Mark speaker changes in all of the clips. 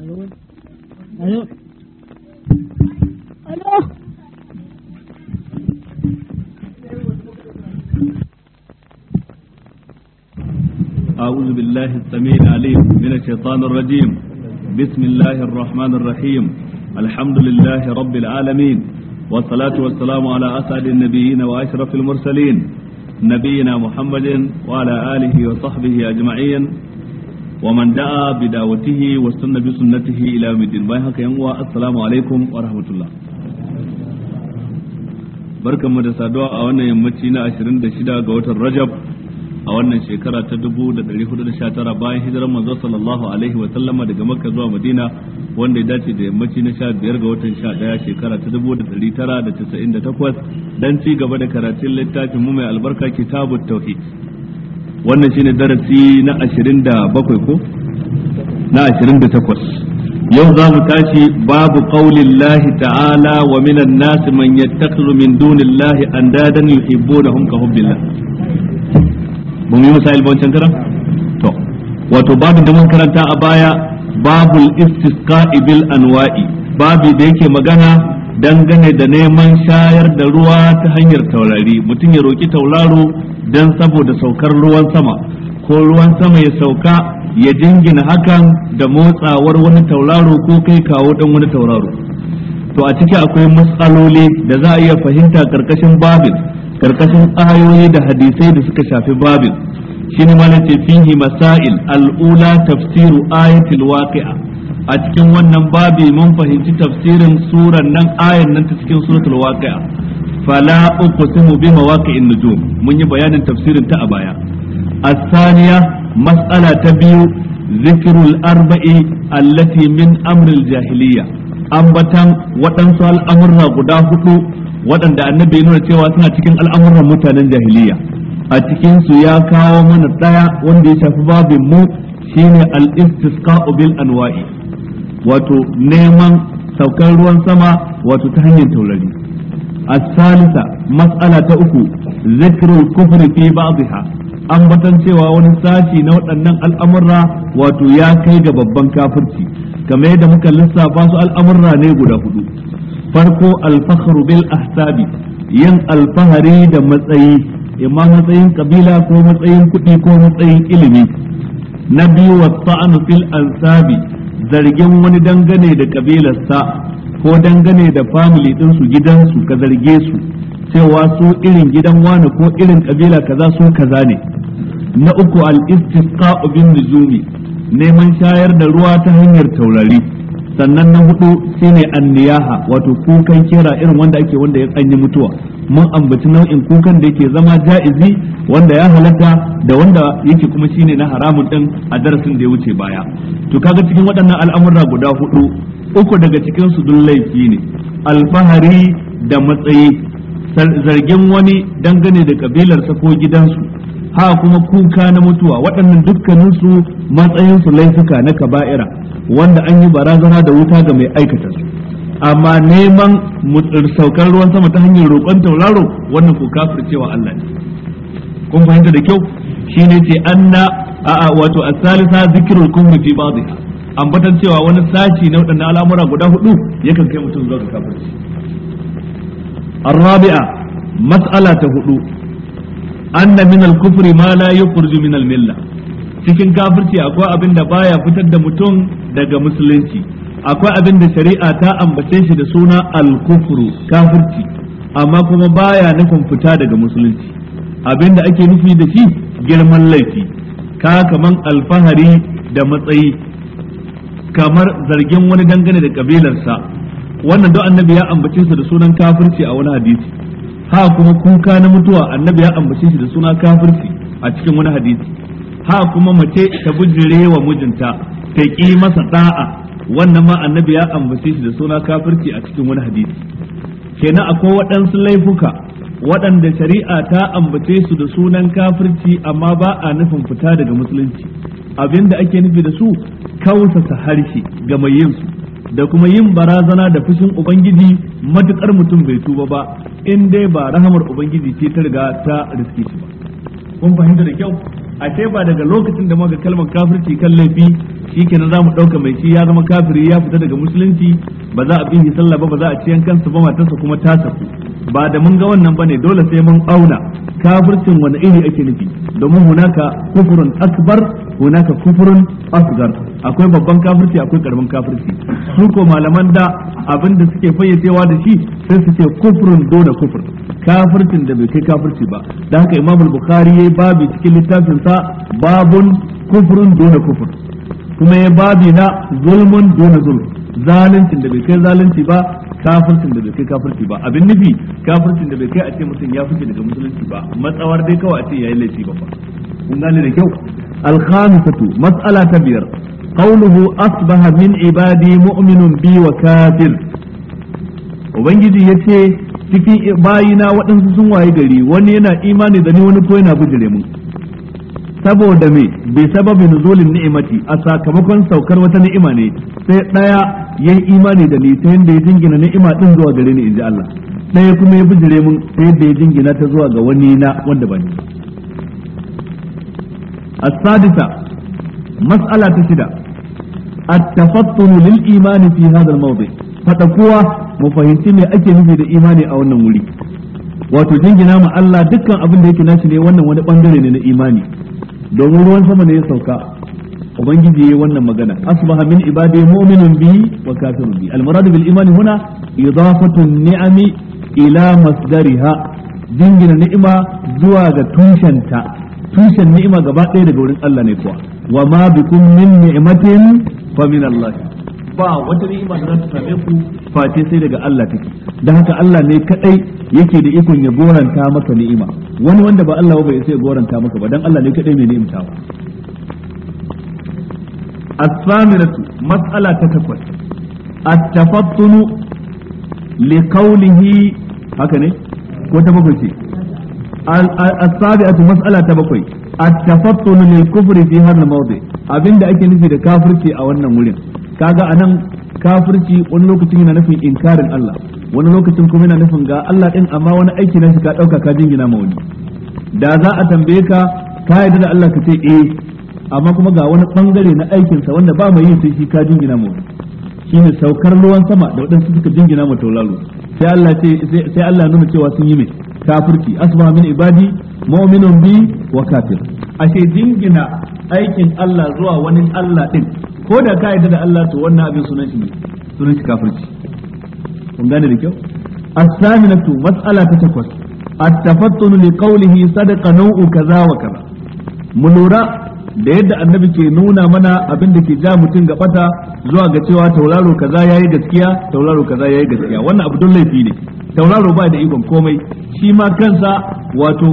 Speaker 1: الو الو الو
Speaker 2: أعوذ بالله السميع العليم من الشيطان الرجيم بسم الله الرحمن الرحيم الحمد لله رب العالمين والصلاة والسلام على أسعد النبيين وأشرف المرسلين نبينا محمد وعلى آله وصحبه أجمعين wa man da'a bi da'watihi wa sunna bi sunnatihi ila yawmiddin bayan haka yan uwa assalamu alaikum wa rahmatullah barkanmu da saduwa a wannan yammaci na 26 ga watan Rajab a wannan shekara ta 1419 bayan hijirar manzo sallallahu alaihi wa sallama daga Makka zuwa Madina wanda ya dace da yammaci na 15 ga watan 11 shekara ta 1998 dan ci gaba da karatun littafin mu mai albarka kitabut tauhid wannan shine darasi na 27 ko na 28 yau za mu tashi babu qaulin lahi ta'ala wa minan nas man yattakhidhu min dunillahi andadan yuhibbunahum ka hubbillah mun yi misali ba wancan karan to wato babu da mun karanta a baya babu istisqa'i bil anwa'i babu da yake magana dangane da neman shayar da ruwa ta hanyar taurari mutum ya roki tauraro dan saboda saukar ruwan sama ko ruwan sama ya sauka ya jingina hakan da motsawar wani tauraro ko kai kawo dan wani tauraro to a ciki akwai matsaloli da za a iya fahimta karkashin babin karkashin ayoyi da hadisai da suka shafi babin shine malam ce fihi masail al'ula tafsiru ayatil waqi'a a cikin wannan babi mun fahimci tafsirin suran nan ayan nan ta cikin suratul waqi'a fala uqsimu bi mawaqi'in nujum mun yi bayanin tafsirin ta a baya الثانية مسألة تبيو ذكر الأربع التي من أمر الجاهلية أنبتان وتنسى الأمر قدافه وتن دا النبي نونا تيوا سنة تكين الأمر متانا جاهلية أتكين سياكا ومن الطايا وندي شفبا بمو شين الاستسقاء بالأنواع wato neman saukar ruwan sama wato ta hanyar taurari الثالثة مسألة أكو ذكر الكفر في بعضها batan cewa wani sashi na waɗannan al'amurra wato ya kai ga babban kafirci kamar yadda muka lissafa su al'amurra ne guda hudu farko alfahar bil ahsabi yin alfahari da matsayi imma matsayin kabila ko matsayin kuɗi ko matsayin ilimi na biyu wa ta'anu fil ansabi zargin wani dangane da kabilarsa ko dangane da family din gidan gidansu ka zarge su cewa su irin gidan wani ko irin kabila kaza su kaza ne na uku al-istisqa'u bin nuzumi neman shayar da ruwa ta hanyar taurari sannan na hudu shine anniyaha wato kukan kera irin wanda ake wanda ya tsanyi mutuwa mun ambaci nau'in kukan da yake zama ja'izi wanda ya halatta da wanda yake kuma shine na haramun din a darasin da ya wuce baya to kaga cikin waɗannan al'amura guda hudu uku daga cikin su dun laifi ne alfahari da matsayi zargin wani dangane da kabilarsa ko gidansu ha kuma kuka na mutuwa waɗannan dukkaninsu matsayinsu laifuka na kaba'ira wanda an yi barazana da wuta ga mai aikata su amma neman saukar ruwan sama ta hanyar roƙon tauraro wannan ko cewa Allah ne kun fahimta da kyau shine ce anna a'a wato as-salisa zikrul kufri fi ambatan cewa wani sashi na waɗannan al'amura guda hudu yakan kai mutum zuwa ga kafirci hudu مسألة هدوء أن من ma la لا min al-milla. cikin kafirci akwai abin da baya fitar da mutum daga musulunci akwai abin da shari'a ta ambace shi da suna alkufuru kafirci amma kuma baya nufin fita daga musulunci abin da ake nufi da shi girman laifi ka kaman alfahari da matsayi kamar zargin wani dangane da kabilarsa wannan duk annabi ya ambace su da sunan kafirci a wani hadisi ha kuma kuka na mutuwa annabi ya ambace shi da suna kafirci a cikin wani hadisi ha kuma mace ta bujire wa mijinta ta ƙi masa da'a wannan ma annabi ya ambace shi da suna kafirci a cikin wani hadisi kenan akwai waɗansu laifuka waɗanda shari'a ta ambace su da sunan kafirci amma ba a nufin fita daga musulunci abinda ake nufi da su kausasa harshe ga mai yin da kuma yin barazana da fushin ubangiji matukar mutum bai tuba ba in dai ba rahamar ubangiji ce ta riga ta riske shi ba kun fahimta da kyau a ba daga lokacin da muka kalmar kafirci kan laifi shi za mu ɗauka mai shi ya zama kafiri ya fita daga musulunci ba za a bin shi sallah ba ba za a ci kansa ba matarsa kuma ta saku ba da mun ga wannan bane dole sai mun auna kafircin wani iri ake nufi domin hunaka kufurun akbar hunaka kufurun asgar akwai babban kafirci akwai karamin kafirci su ko malaman da abin da suke fayyacewa da shi sai su ce kufurun dole kufur kafircin da bai kai kafirci ba da haka imamul bukhari yayi babu cikin littafin sa babun kufurun dole kufur kuma ya babi na zulmun duna zulm zaluncin da bai kai zalunci ba kafircin da bai kai kafirci ba abin nufi kafircin da bai kai a ce mutum ya fice daga musulunci ba matsawar dai kawai a ce yayi laifi ba fa kun gane da kyau al-khamisatu mas'ala ta biyar qawluhu asbaha min ibadi mu'minun bi wa kafir ubangiji yace cikin bayina waɗansu sun waye gari wani yana imani da ni wani ko yana bujire mu saboda me bi sababi nuzulin ni'imati a sakamakon saukar wata ni'ima ne sai daya yayi imani da ni sai da ya jingina ni'ima din zuwa gare ni inji Allah daya kuma ya bijire mun sai da ya jingina ta zuwa ga wani na wanda ba ni as-sadisa mas'ala ta shida at-tafattun lil imani fi hadha al-mawdi fada kowa mu fahimci me ake nufi da imani a wannan wuri wato jingina ma Allah dukkan abin da yake nashi ne wannan wani bangare ne na imani domin ruwan sama ne ya sauka ubangiji yayi wannan magana asbaha min ibadi mu'minun bi wa kafirun bi al-murad bil iman huna idafatu ni'ami ila masdariha dingina ni'ima zuwa ga tushenta tushen ni'ima gaba ɗaya daga wurin Allah ne kuwa wa ma bikum min ni'matin fa min Allah ba wata ni'ima da za ta same ku face sai daga Allah take da haka Allah ne kadai yake da ikon ya goranta maka ni'ima wani wanda ba Allah ba sai ya goranta maka ba dan Allah ne kadai mai ko ta bakwai ce التفطن لقوله هكذا mas'ala ta bakwai مسألة tafattunu التفطن للكفر fi هذا mawdi abinda ake nufi da kafirci a wannan wurin kaga anan kafirci wani lokacin yana nufin inkarin Allah wani lokacin kuma yana nufin ga Allah din amma wani aiki na shi ka dauka ka jingina ma wani da za a tambaye ka ka yarda da Allah ka ce eh amma kuma ga wani bangare na aikin sa wanda ba mai yin sai shi ka jingina ma wani shine saukar ruwan sama da wadansu suka jingina ma taulalu sai Allah ce sai Allah nuna cewa sun yi mai kafirci asbaha min ibadi mu'minun bi wa kafir ashe jingina aikin Allah zuwa wani Allah din ko da ka yadda da Allah to wannan abin sunan shi sunan shi kafirci kun gane da kyau as-saminatu mas'ala ta takwas at-tafattun li qawlihi sadaqa naw'u kaza wa kaza mu lura da yadda annabi ke nuna mana abin da ke ja mutum ga bata zuwa ga cewa tauraro kaza yayi gaskiya tauraro kaza yayi gaskiya wannan abu don laifi ne tauraro ba da ikon komai shi ma kansa wato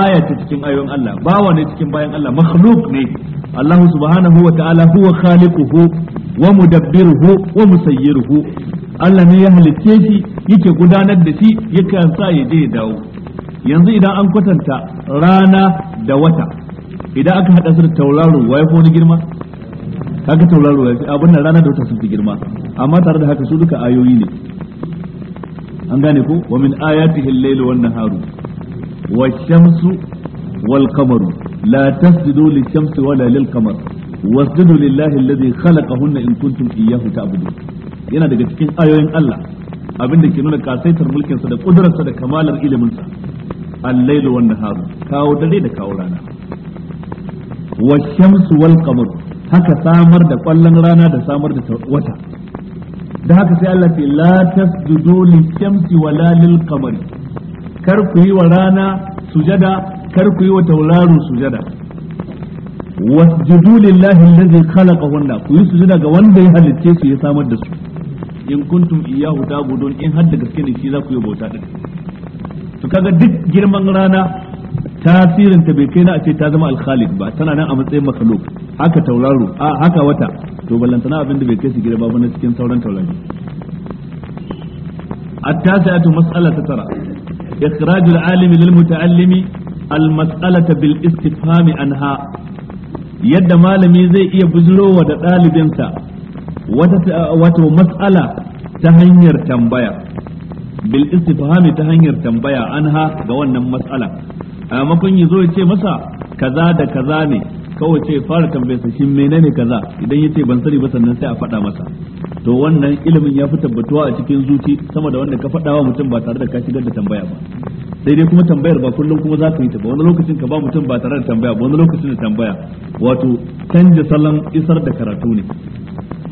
Speaker 2: aya ta cikin ayoyin Allah bawa ne cikin bayan Allah makhluk ne Allah subhanahu wa ta'ala huwa khaliquhu wa mudabbiruhu wa musayyiruhu Allah ne ya halicce shi yake gudanar da shi yake sa ya je ya dawo yanzu idan an kwatanta rana da wata idan aka hada su da tauraro wai ko ni girma kaga tauraro ya fi abin rana da wata sun fi girma amma tare da haka su duka ayoyi ne an gane ku wa min ayatihi al-layl wan naharu wash-shamsu wal-qamaru la tasjudu lish-shamsi wala lil-qamar wasjudu lillahi alladhi khalaqahunna in kuntum iyyahu ta'budun yana daga cikin ayoyin Allah abin da ke nuna kasaitar mulkinsa da kudurarsa da kamalar iliminsa al-layl wan naharu kawo dare da kawo rana wash-shamsu wal-qamaru haka samar da kwallon rana da samar da wata da haka sai Allah ce la tasjudu lishamsi wala lil qamari kar ku yi wa rana sujada kar ku yi wa tauraro sujada wasjudu lillahi allazi khalaqahunna ku yi sujada ga wanda ya halicce su ya samar da su in kuntum iyyahu ta'budun in hadda gaske ne shi za ku yi bauta din to kaga duk girman rana tasirin ta bai kai na a ce ta zama alkhaliq ba tana nan a matsayin makhluq haka tauraro a haka wata to ballantana abin da bai kai su gida ba na cikin sauran taurari التاسعة مسألة ترى إخراج العالم للمتعلم المسألة بالاستفهام عنها yadda malami zai iya bujirowa da ɗalibinsa wato matsala ta hanyar tambaya bil istifhami ta hanyar tambaya anha ga wannan matsala amakon yi ya zo ya ce masa kaza da kaza ne kawai ce fara tambayarsa sa shin ne kaza idan ya ce ban sani ba sannan sai a faɗa masa to wannan ilimin ya fi tabbatuwa a cikin zuci sama da wanda ka faɗa wa mutum ba tare da ka shigar da tambaya ba sai dai kuma tambayar ba kullum kuma za ka yi ta ba wani lokacin ka ba mutum ba tare da tambaya ba wani lokacin da tambaya wato canja salon isar da karatu ne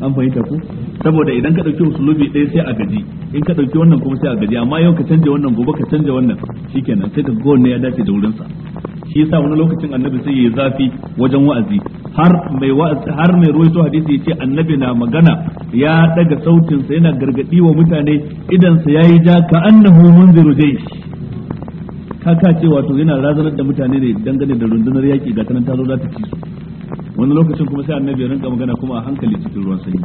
Speaker 2: an fahimta ku saboda idan ka dauki usulubi ɗaya sai a gaji in ka dauki wannan kuma sai a gaji amma yau ka canja wannan gobe ka canja wannan shikenan sai ka ga wannan ya dace da wurin sa shi yasa wani lokacin annabi sai yayi zafi wajen wa'azi har mai wa'azi har mai ruwaito hadisi yace annabi na magana ya daga sautin sa yana gargadi wa mutane idan sa yayi ja ka annahu munziru jaysh kaka ce wato yana razanar da mutane ne dangane da rundunar yaki ga tanan tazo za ta ci su wani lokacin kuma sai annabi ya rinka magana kuma a hankali cikin ruwan sanyi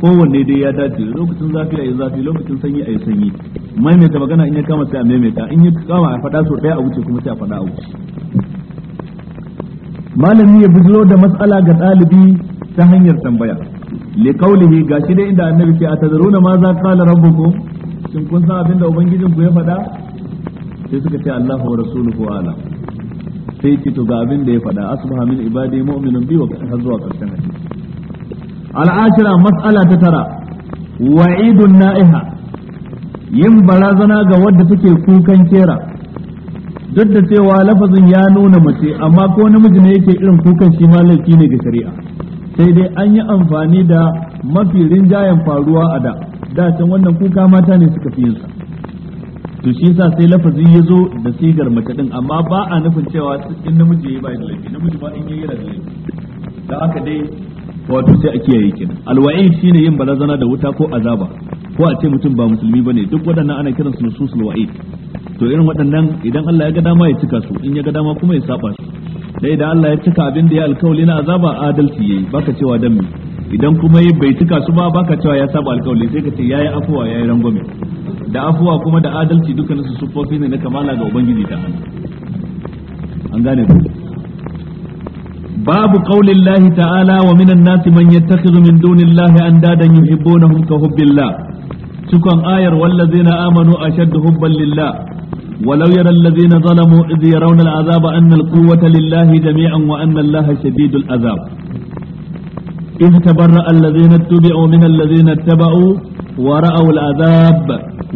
Speaker 2: kowanne dai ya dace lokacin zafi a yi zafi lokacin sanyi a yi sanyi maimaita magana in ya kama sai a maimaita in ya kama a faɗa sau ɗaya a wuce kuma sai a faɗa a wuce malami ya bijiro da matsala ga ɗalibi ta hanyar tambaya li qawlihi gashi dai inda annabi ke atazaruna ma za qala rabbukum shin kun san abin da ubangijinku ya faɗa sai suka ce Allahu wa rasuluhu a'lam sai ki to ga abin da ya faɗa asbaha min ibadi mu'minun bi wa har zuwa karshen hadisi al'ashira mas'ala ta tara wa'idun na'iha yin barazana ga wadda take kukan kera duk da cewa lafazin ya nuna mace amma ko namiji ne yake irin kukan shi ma ne ga shari'a sai dai an yi amfani da mafi rinjayen faruwa a da da can wannan kuka mata ne suka fi yin sa to shi yasa sai lafazi ya zo da sigar mace din amma ba a nufin cewa in namiji ya bai da laifi namiji ba in yayi yana da laifi da haka dai wato sai a kiyaye kenan alwa'i shine yin barazana da wuta ko azaba ko a ce mutum ba musulmi bane duk waɗannan ana kiransu su nususul wa'id to irin waɗannan idan Allah ya ga dama ya cika su in ya ga dama kuma ya saba su dai idan Allah ya cika abin da ya alkawali na azaba adalci yayi baka cewa dan me idan kuma bai cika su ba baka cewa ya saba alkawali sai ka ce yayi afuwa yayi rangwame da afuwa kuma da adalci dukkan su sufofi ne na kamala ga ubangiji ta an gane ku babu qaulin lahi ta'ala wa minan nasi man yattakhidhu min dunillahi andadan yuhibbunahum ka hubbillah cikon ayar wallazina amanu ashaddu hubban lillah ولو يرى الذين ظلموا إذ يرون العذاب أن القوة لله جميعا وأن الله شديد العذاب إذ تبرأ الذين اتبعوا من الذين اتبعوا ورأوا العذاب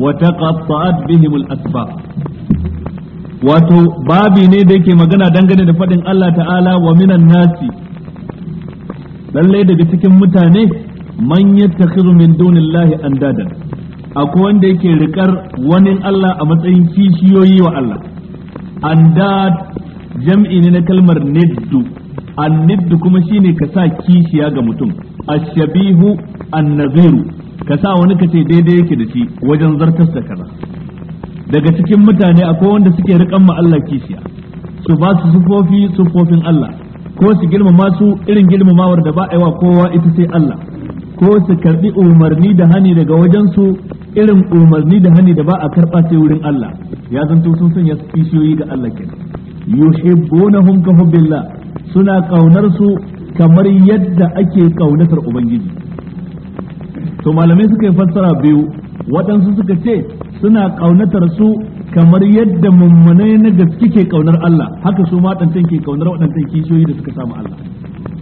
Speaker 2: وتقطعت بهم الأسباب wato babi ne da yake magana dangane da faɗin Allah ta'ala wa minan nasi lallai daga cikin mutane man yattakhidhu min dunillahi andadan akwai wanda yake rikar wani Allah a matsayin kishiyoyi wa Allah andad jam'i ne na kalmar niddu annid kuma shine ka sa kishiya ga mutum ashabihu annaziru ka sa wani ka daidai yake da shi wajen zartar da kaza daga cikin mutane akwai wanda suke riƙan ma Allah kishiya su ba su sufofi sufofin Allah ko su girmama su irin girmamawar da ba a yi kowa ita sai Allah ko su karbi umarni da hani daga wajen su irin umarni da hani da ba a karba sai wurin Allah ya zanto sun sanya kishiyoyi ga Allah kenan yuhibbunahum ka hubbillah suna kaunar su kamar yadda ake kaunatar ubangiji to malamai suka yi fassara biyu waɗansu suka ce suna kaunatar su kamar yadda mummunai na gaske ke kaunar Allah haka su ma ɗantan ke kaunar waɗantan kishiyoyi da suka samu Allah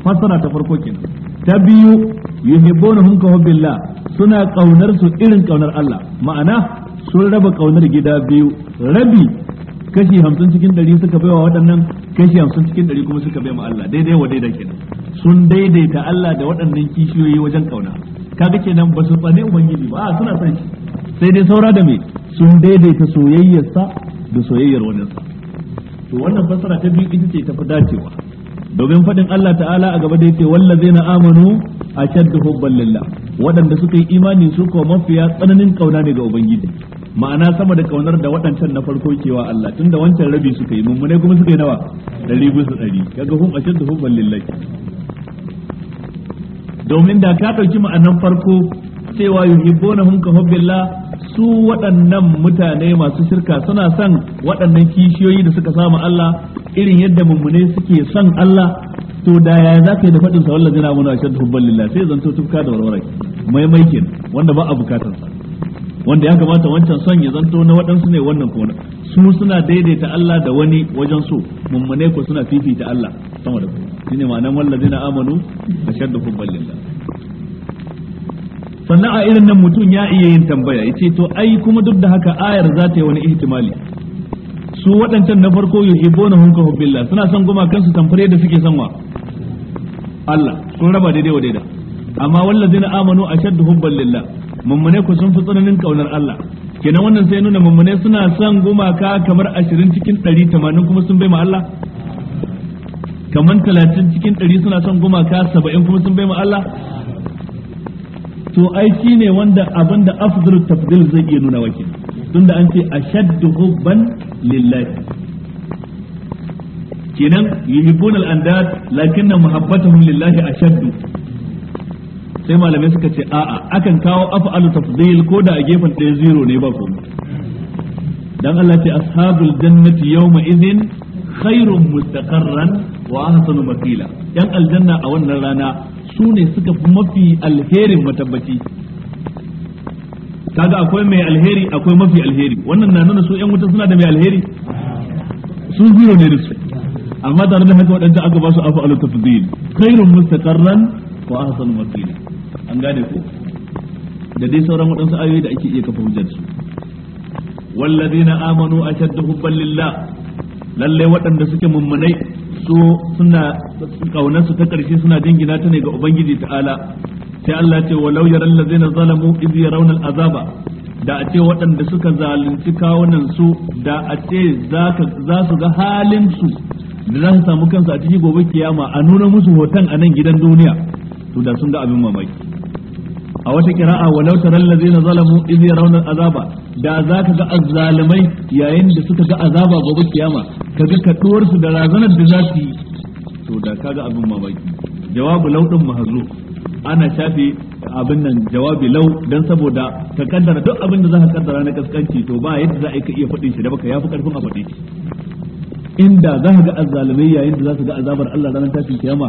Speaker 2: fassara ta farko kenan ta biyu hum ka hubbillah suna kaunar su irin kaunar Allah ma'ana sun raba ƙaunar gida biyu rabi kashi hamsin cikin ɗari suka baiwa waɗannan kashi hamsin cikin ɗari kuma suka bai ma Allah daidai wa daidai kenan sun daidaita Allah da waɗannan kishiyoyi wajen kauna kaga kenan ba su tsane ubangiji ba a suna san shi sai dai saura da mai sun daidaita soyayyarsa da soyayyar waninsa to wannan fassara ta biyu ita ce ta fi dacewa domin faɗin Allah ta'ala a gaba da yake na amanu a ashaddu hubban lillah waɗanda suka yi imani su ko mafiya tsananin kauna ne ga ubangiji ma'ana sama da ƙaunar da waɗancan na farko kewa Allah tunda wancan rabi suka yi mummune kuma suka yi nawa ɗari bisa ɗari kaga hum ashaddu hubban lillah domin da ka ɗauki ma'anan farko cewa hum ka hubbillah su waɗannan mutane masu shirka suna son waɗannan kishiyoyi da suka samu Allah irin yadda mummune suke son Allah to da ya za ka yi da faɗin sa wallahi na muna shaddu hubban lillah sai zanto tufka da mai maimaikin wanda ba a bukatar sa wanda ya kamata wancan son ya zanto na waɗansu ne wannan kona su suna daidaita Allah da wani wajen so mummune ko suna fifita Allah sama da ku shine ma'anar wallazina amanu ashaddu hubban lillah sannan a irin nan mutum ya iya yin tambaya ya ce to ai kuma duk da haka ayar za ta yi wani ihtimali su waɗancan na farko hibbo na hunka hubbillah suna son goma kansu tamfare da suke son wa Allah sun raba daidai wa daida amma wallazina amanu ashaddu hubban lillah mummune ku sun fi tsananin kaunar Allah kenan wannan sai nuna mummune suna son gumaka kamar ashirin cikin ɗari tamanin kuma sun bai ma Allah kamar talatin cikin ɗari suna son gumaka saba'in kuma sun bai ma Allah to ai shi ne wanda abin da afdal tafdil zai iya nuna wake tunda an ce ashaddu hubban lillahi kenan yuhibbun al-andad lakinna muhabbatuhum lillahi ashaddu sai malamai suka ce a'a akan kawo af'alu tafdil ko da a gefen ɗaya zero ne ba komai dan Allah ce ashabul jannati yawma idhin khairun mustaqarran wa ahsanu maqila yan aljanna a wannan rana su ne suka fi mafi alherin matabbaci kaga akwai mai alheri akwai mafi alheri wannan na nuna su yan wuta suna da mai alheri su zuwa ne da su amma tare da haka waɗanda aka ba su afu alu tafdil khairun mustaqarran wa ahsanu masira an gane ko da dai sauran waɗansu ayoyi da ake iya kafa hujjar su wallazina amanu ashaddu hubban lillah lalle waɗanda suke mummunai su suna kaunar ta ƙarshe suna jingina ta ne ga ubangiji ta'ala sai Allah ce walau yaral ladzina zalamu iz yarawna al'azaba da a ce waɗanda suka zalunci kawunan su da a ce za su ga halin su da za su samu kansu a cikin gobe kiyama a nuna musu hoton a nan gidan duniya to da sun ga abin mamaki a wata kira'a walau taral ladzina zalamu iz yarawna al'azaba da za ka ga azzalumai yayin da suka ga azaba gobe kiyama ka ga kaduwar su da razanar da za su yi to da ka ga abin mamaki jawabu laudin mahazu ana shafe abin nan jawabi lau dan saboda ka kaddara duk abin da za ka kaddara na kaskanci to ba yadda za a yi ka iya faɗin shi da baka yafi karfin a faɗe inda za ka ga azzalumai yayin da za su ga azabar Allah ranar tashin kiyama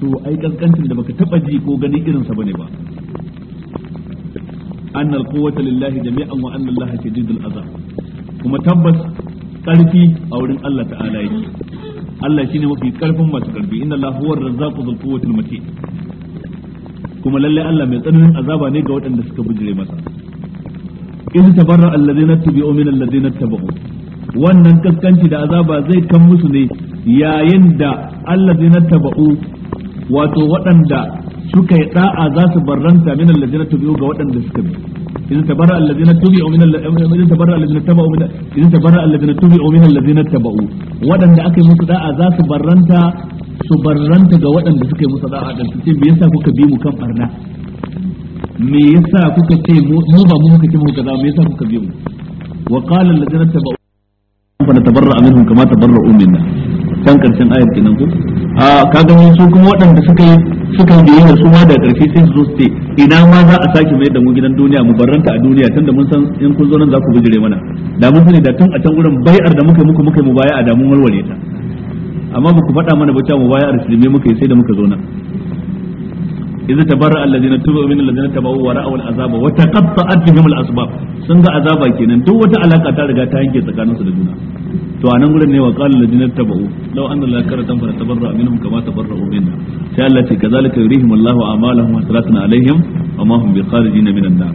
Speaker 2: to ai kaskancin da baka taba ji ko ganin irinsa bane ba annal quwwata lillahi jami'an wa anna kuma tabbas karfi a wurin Allah ta'ala yake Allah shine mafi karfin masu karfi inna allaha huwar razzaqu dhul quwwatil matin kuma lalle Allah mai tsananin azaba ne ga waɗanda suka bujire masa in tabarra alladhina min wannan kaskanci da azaba zai kan musu ne yayin da alladhina tabu'u wato waɗanda suka yi da'a za su barranta min allazina tubi'u ga waɗanda suka bi idan tabarra allazina tubi'u min idan tabarra allazina tabi'u min idan tabarra allazina tubi'u min allazina tabi'u waɗanda aka yi musu da'a za su barranta su barranta ga waɗanda suka yi musu da'a dan ce me yasa kuka bi mu kan barna me yasa kuka ce mu ba mu muka ce mu kaza me yasa kuka bi mu wa qala allazina tabi'u fa natabarra minhum kama tabarra'u minna kan karshen ayar kenan ko a ah, kaga su kuma waɗanda suka yi sukan yi da su ma da ƙarshe sai su ce ina ma za a sake mai da mu gidan duniya mu barranta a duniya tunda mun san in kun zo nan za ku bijire mana da mun sani da tun a can gurin bai'ar da muka muku muka mu baya a da mun warware ta amma ba ku faɗa mana ba cewa mu baya a muka yi sai da muka zo nan idza ta alladhina tubu min alladhina tabawu wa ra'aw al'azaba wa taqatta'at bihim al'asbab sun ga azaba kenan duk wata alaka ta riga ta yanke su da juna to anan gurin ne wa qala alladhina tabawu law anna allaha karatan fa tabarra minhum kama tabarra'u minna sai Allah ce kazalika wa minan nar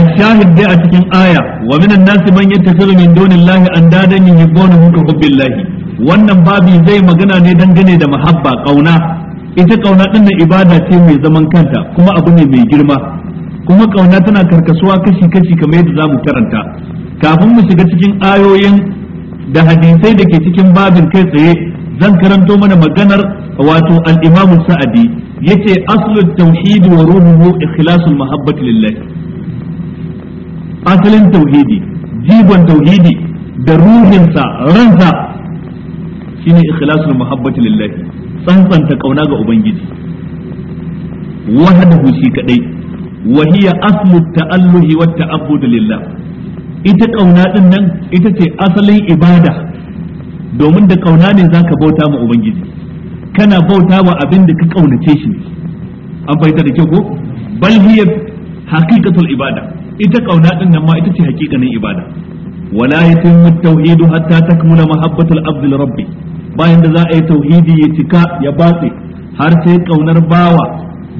Speaker 2: الشاهد دي أتكين آية ومن الناس من يتخذ من دون الله أندادا يحبونه كحب الله wannan babi zai magana ne dangane da mahabba kauna ita kauna din nan ibada ce mai zaman kanta kuma abu ne mai girma kuma kauna tana karkasuwa kashi kashi kamar yadda zamu karanta kafin mu shiga cikin ayoyin da hadisai da ke cikin babin kai tsaye zan karanto mana maganar wato al-Imam Sa'adi yace aslu tauhid wa ruhuhu ikhlasu mahabbati lillah asalin tauhidi jibon tauhidi da ruhinsa ransa shine ikhlasu mahabbati lillah tsantsanta kauna ga ubangiji wahdahu shi kadai wa hiya aslu ta'alluhi wa ta'abbud lillah ita kauna din nan ita ce asalin ibada domin da kauna ne zaka bauta ma ubangiji kana bauta wa abin da ka kaunace shi an fahimta da kyau ko bal hiya haqiqatul ibada ita kauna din nan ma ita ce haqiqanin ibada wala yatimmu at-tauhid hatta takmula mahabbatul abd li bayan da za a yi tauhidi ya cika ya batse har sai kaunar bawa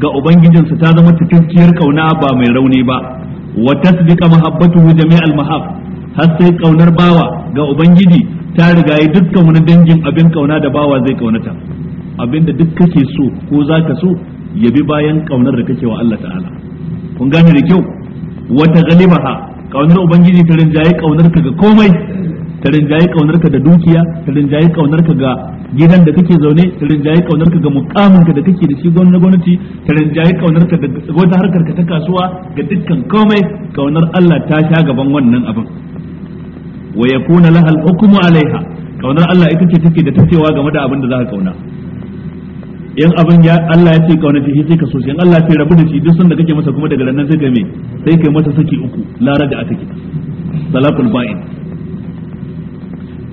Speaker 2: ga ubangijinsa ta zama cikakkiyar kauna ba mai rauni ba wa tasdiqa mahabbatuhu jami'al mahab har sai kaunar bawa ga ubangiji ta riga yi dukkan wani dangin abin kauna da bawa zai kaunata abin da duk kake so ko zaka so ya bi bayan kaunar da kake wa Allah ta'ala kun gane da kyau wata galibaha kaunar ubangiji ta rinjaye kaunar ka ga komai ta rinjaye kaunarka da dukiya ta rinjaye kaunarka ga gidan da kake zaune ta rinjaye kaunarka ga mukaminka da kake da shi gwamnati gwamnati ta rinjaye kaunarka da wata harkar ka ta kasuwa ga dukkan komai kaunar Allah ta sha gaban wannan abin wa yakuna laha al-hukmu alaiha kaunar Allah ita ce take da tacewa game da abin da za ka kauna in abin ya Allah ya ce kauna shi sai ka so shi in Allah ya ce rabu da shi duk sanda kake masa kuma daga nan sai ka me sai kai masa saki uku la raja'a take salatul ba'in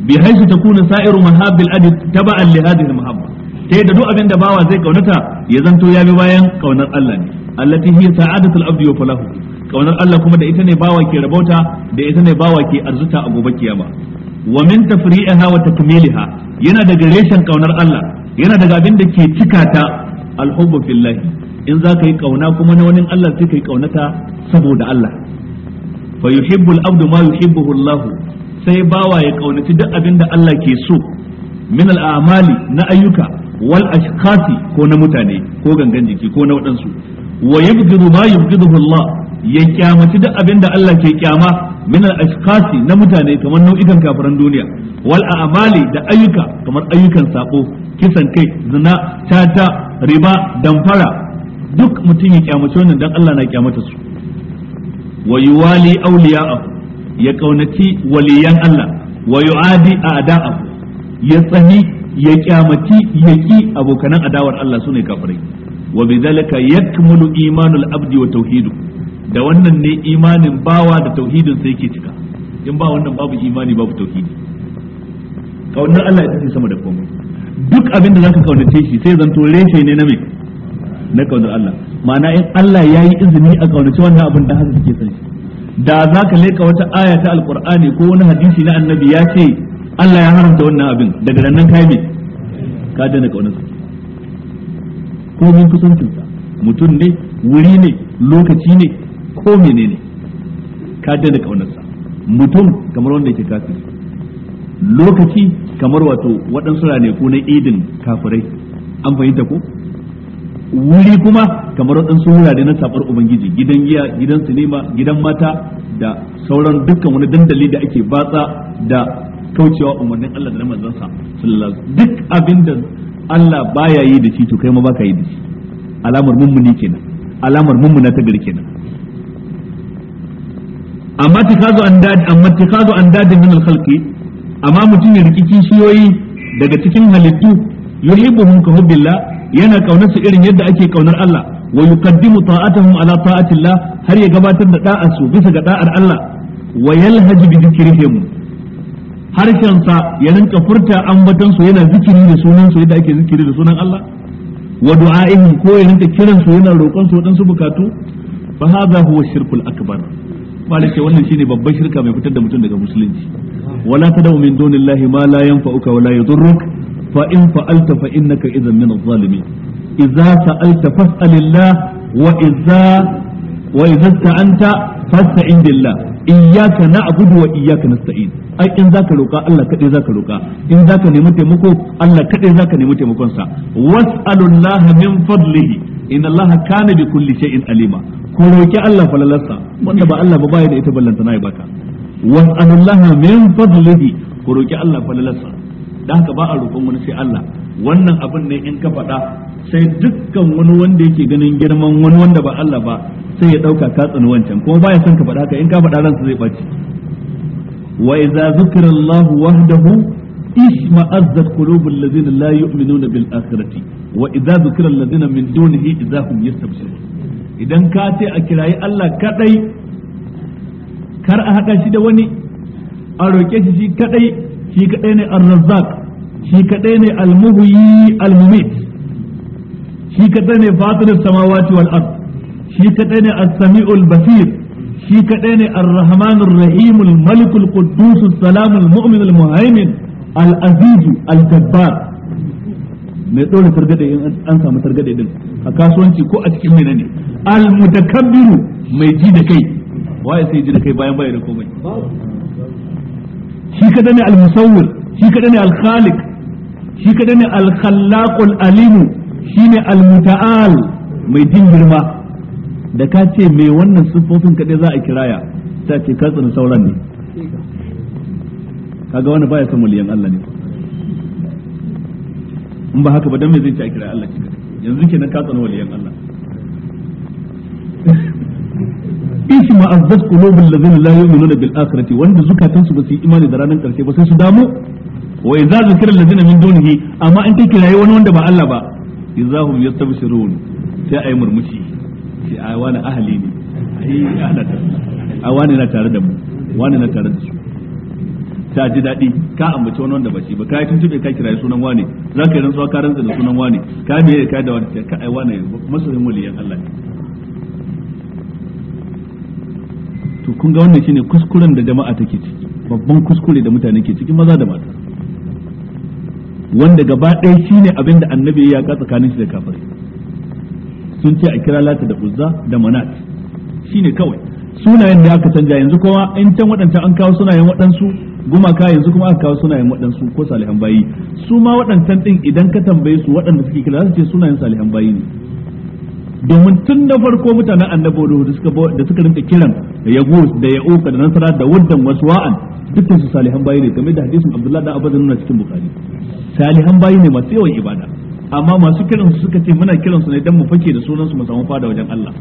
Speaker 2: bi haisu takunu sa'iru mahabbil adi taba'an li hadhihi mahabba ta yadda duk abinda bawa zai kaunata ya zanto ya bi bayan ƙaunar Allah ne allati hiya sa'adatul abdi wa falahu kaunar Allah kuma da ita ne bawa ke rabauta da ita ne bawa ke arzuta a gobe kiyama wa min tafri'iha wa takmiliha yana daga reshen ƙaunar Allah yana daga abin da ke cika ta alhubbu in za ka yi ƙauna kuma na wani Allah sai ka yi kaunata saboda Allah fa yuhibbu al-abdu ma yuhibbuhu Allah sai bawa ya kaunaci duk abin da Allah ke so min al'amali na ayyuka wal ashkhasi ko na mutane ko gangan jiki ko na waɗansu wa yabghidu ma yabghiduhu Allah ya kyamaci duk abin da Allah ke kyama min al ashkhasi na mutane kamar nau'ikan kafiran duniya wal a'mali da ayyuka kamar ayyukan sako kisan kai zina tata riba damfara duk mutum ya kyamaci wannan dan Allah na kyamata su wa yuwali awliya'ahu ya kaunaci waliyan Allah wa yu'adi a'da'a ya tsani ya kyamaci ya ki abokanan adawar Allah sune kafirai wa bidhalika yakmulu imanul abdi wa tauhidu da wannan ne imanin bawa da tauhidin sai yake cika in ba wannan babu imani babu tauhidi kaunar Allah ita ce sama da komai duk abin da zaka kaunace shi sai zanto reshe ne na me na kaunar Allah ma'ana in Allah ya yi izini a kaunaci wannan abin da haka kake son shi da za ka leka wata aya ta alqur'ani ko wani hadisi na annabi ya ce Allah ya haramta wannan abin daga nan kai me ka dana kaunar sa ko mun kusancin sa mutum ne wuri ne lokaci ne ko menene ka dana kaunar sa mutum kamar wanda yake kafiri lokaci kamar wato waɗansu ranaku na idin kafirai an fahimta ko wuri kuma kamar waɗansu wurare na safar ubangiji gidan giya gidan sinima gidan mata da sauran dukkan wani dandali da ake batsa da kaucewa umarnin Allah da manzansa sallallahu duk abin da Allah baya yi da shi to kai ma baka yi da shi alamar mummuni kenan alamar mummuna ta gari kenan amma tikazu an dad amma tikazu an dad min al khalqi amma mutum ya riki kishiyoyi daga cikin halittu yuhibbuhum ka hubbillah yana kaunar su irin yadda ake kaunar Allah wa yuqaddimu ta'atahum ala ta'atillah har ya gabatar da da'ar su bisa ga da'ar Allah wa yalhaju bi dhikrihim sa ya rinka furta ambaton su yana zikiri da sunan su yadda ake zikiri da sunan Allah wa du'a'ihim ko ya rinka kiran su yana roƙon su wadansu bukatu fa hadha huwa shirkul akbar malaka wannan shine babban shirka mai fitar da mutum daga musulunci wala tad'u min dunillahi ma la yanfa'uka wa la yadurruk fa in fa'alta fa innaka idhan min adh-dhalimin idza sa'alta fas'alillah wa idza wa idza ta'anta fasta'in billah iyyaka na'budu wa iyyaka nasta'in ai in zaka roka Allah kadai zaka roka in zaka nemi taimako Allah kadai zaka nemi taimakon sa was'alullaha min fadlihi inna Allah kana bi kulli shay'in alima ko Allah falalarsa wanda ba Allah ba bai da ita ballantana ya baka was'alullaha min fadlihi ko Allah haka ba a roƙon wani sai Allah wannan abin ne in ka faɗa sai dukkan wani wanda yake ganin girman wani wanda ba Allah ba sai ya ɗauka ka tsani wancan kuma baya son ka faɗa ka in ka faɗa ransa zai ɓaci wa idza zukira Allah wahdahu isma azzat qulubul ladzina la yu'minuna bil akhirati wa idza zukira alladhina min dunihi idza hum yastabshirun idan ka ce a kirayi Allah kadai kar a haɗa shi da wani a roƙe shi shi kadai shi kadai ne ar-razzaq shi kadai ne almuhyi almumit shi kadai ne fatir samawati wal ard shi kadai ne as-sami'ul basir shi kadai ne ar-rahmanur rahim al-malikul quddus as-salam al-mu'min al-muhaimin al-aziz al-jabbar mai dole targade in an samu targade din a kasuwanci ko a cikin menene al-mutakabbiru mai ji da kai waye sai ji da kai bayan baya da komai shi kada ne al-musawwir shi kada ne al-khaliq shi kadai ne alkhallaqul khallaqul alim shine al mai jin girma da ka ce mai wannan siffofin kadai za a kiraya ta ce ka tsina sauran ne kaga wani baya son waliyan Allah ne in ba haka ba dan me zai ci a kiraya Allah kika yanzu kenan ka tsina waliyan Allah isma azzat qulubul ladzina la yu'minuna bil akhirati wanda zukatansu ba su yi imani da ranar karshe ba sai su damu wa idza zikra allazina min dunihi amma in take rayi wani wanda ba Allah ba hum yastabshirun sai ayi murmushi sai ai wani ahli ne ai ana a wani na tare da mu wani na tare da su ta ji daɗi ka ambaci wani wanda ba shi ba ka yi tube ka kirayi sunan wani za yi rantsuwa ka rantsa da sunan wani ka me ka da wani ka ai wani masoyin waliyan Allah to kun ga wannan shine kuskuren da jama'a take ciki babban kuskure da mutane ke ciki maza da mata wanda gaba ɗaya shine abin da annabi ya yaka tsakanin shi da kafirai sun ce a kira lata da uzza da manat shine kawai sunayen da aka canja yanzu kuma in can waɗancan an kawo sunayen waɗansu gumaka yanzu kuma aka kawo sunayen waɗansu ko salihan bayi su ma waɗancan ɗin idan ka tambaye su waɗanda suke kira za su ce sunayen salihan bayi ne domin tun da farko mutanen annabawa da suka da rinka kiran da yagus da ya'uka da nasara da wuddan wasu wa'an. dukkan su salihan bayi ne game da hadisin Abdullahi da abadan nuna cikin bukari salihan bayi ne masu yawan ibada amma masu kiransu suka ce muna kiransu ne dan mu fake da sunan su mu samu fada wajen Allah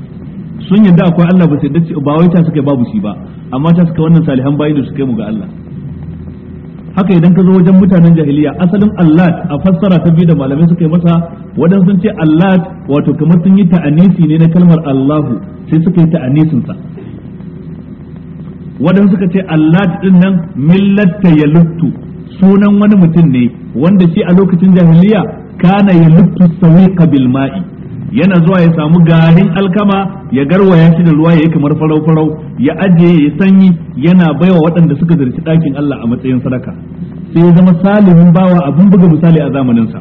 Speaker 2: sun yadda akwai Allah ba sai dace ba wai ta suka babu shi ba amma ta suka wannan salihan bayi ne su kai mu ga Allah haka idan ka zo wajen mutanen jahiliya asalin allah a fassara ta biyu da malamai suka yi masa wadan sun ce allah wato kamar sun yi ta'anisi ne na kalmar Allahu sai suka yi ta'anisin sa wadan suka ce Allah din nan millata yaluttu sunan wani mutum ne wanda shi a lokacin jahiliya kana yaluttu sawiqa bil ma'i yana zuwa ya samu garin alkama ya garwaya shi da ruwa ya kamar farau farau ya ajiye ya sanyi yana baiwa waɗanda suka zarci ɗakin Allah a matsayin sadaka sai ya zama salihin bawa abin buga misali a zamaninsa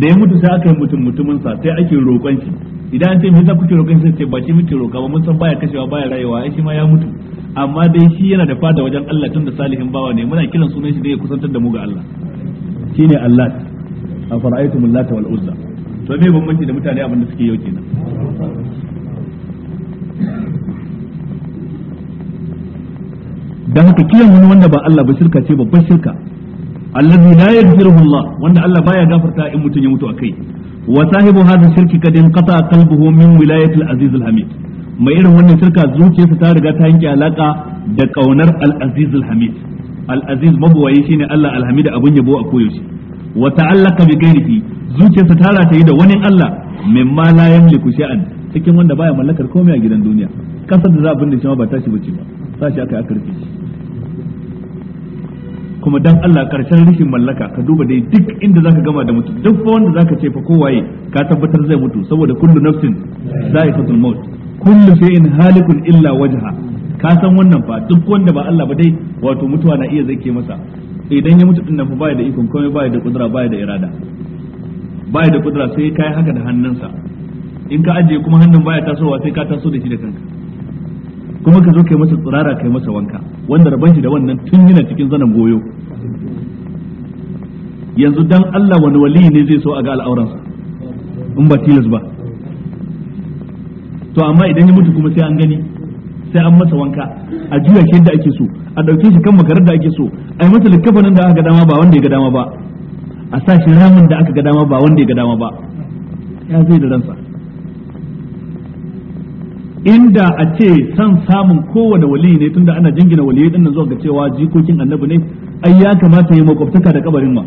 Speaker 2: da ya mutu sai aka yi mutum mutumin sa sai ake roƙon shi idan an ce mai yasa kuke roƙon shi sai ba shi muke roƙa ba mun san baya kashewa baya rayuwa ai shi ma ya mutu amma dai shi yana da fada wajen Allah tun da salihin bawa ne muna kiran sunan shi da ya kusantar da mu ga Allah shine Allah a mun lata wal uzza to me bambanci da mutane abin da suke yau kenan dan haka kiran wani wanda ba Allah ba shirka ce babban shirka allazi la yaghfiruhu Allah wanda Allah baya gafarta in mutum ya mutu akai wa sahibu hadha shirki kad inqata qalbuhu min wilayati hamid mai irin wannan shirka zuciyarsa ta riga ta yanke alaka da kaunar al-aziz al-hamid al-aziz mabuwayi shine Allah al-hamid abun yabo a koyaushe wa ta'allaka bi ghairihi zuciyarsa ta yi da wani Allah mimma la yamliku sha'an cikin wanda baya mallakar komai a gidan duniya kasar da za a binne shi ma ba tashi bace ba sashi aka yi aka rufe shi kuma dan Allah karshen rishin mallaka ka duba dai duk inda zaka gama da mutu duk fa wanda zaka ce fa kowaye ka tabbatar zai mutu saboda kullu nafsin za'iqatul maut kullu shay'in halikun illa wajha ka san wannan fa duk wanda ba Allah ba dai wato mutuwa na iya zake masa idan ya mutu din nan fa baya da ikon komai baya da kudura baya da irada baya da kudura sai kai haka da hannunsa in ka ajiye kuma hannun baya tasowa sai ka taso da shi da kanka kuma ka zo kai masa tsirara kai masa wanka wanda raban shi da wannan tun yana cikin zanen goyo yanzu dan Allah wani wali ne zai so a ga al'auransa in ba tilas ba to amma idan ya mutu kuma sai an gani sai an masa wanka a juya shi yadda ake so a ɗauke shi kan makarar da ake so a yi masa likkafanin da aka ga dama ba wanda ya ga dama ba a sa shi ramin da aka ga dama ba wanda ya ga dama ba ya zai da ransa inda a ce san samun kowane wali ne tunda ana jingina waliyai dinnan zuwa ga cewa jikokin annabi ne ai ya kamata ya makwabtaka da kabarin ma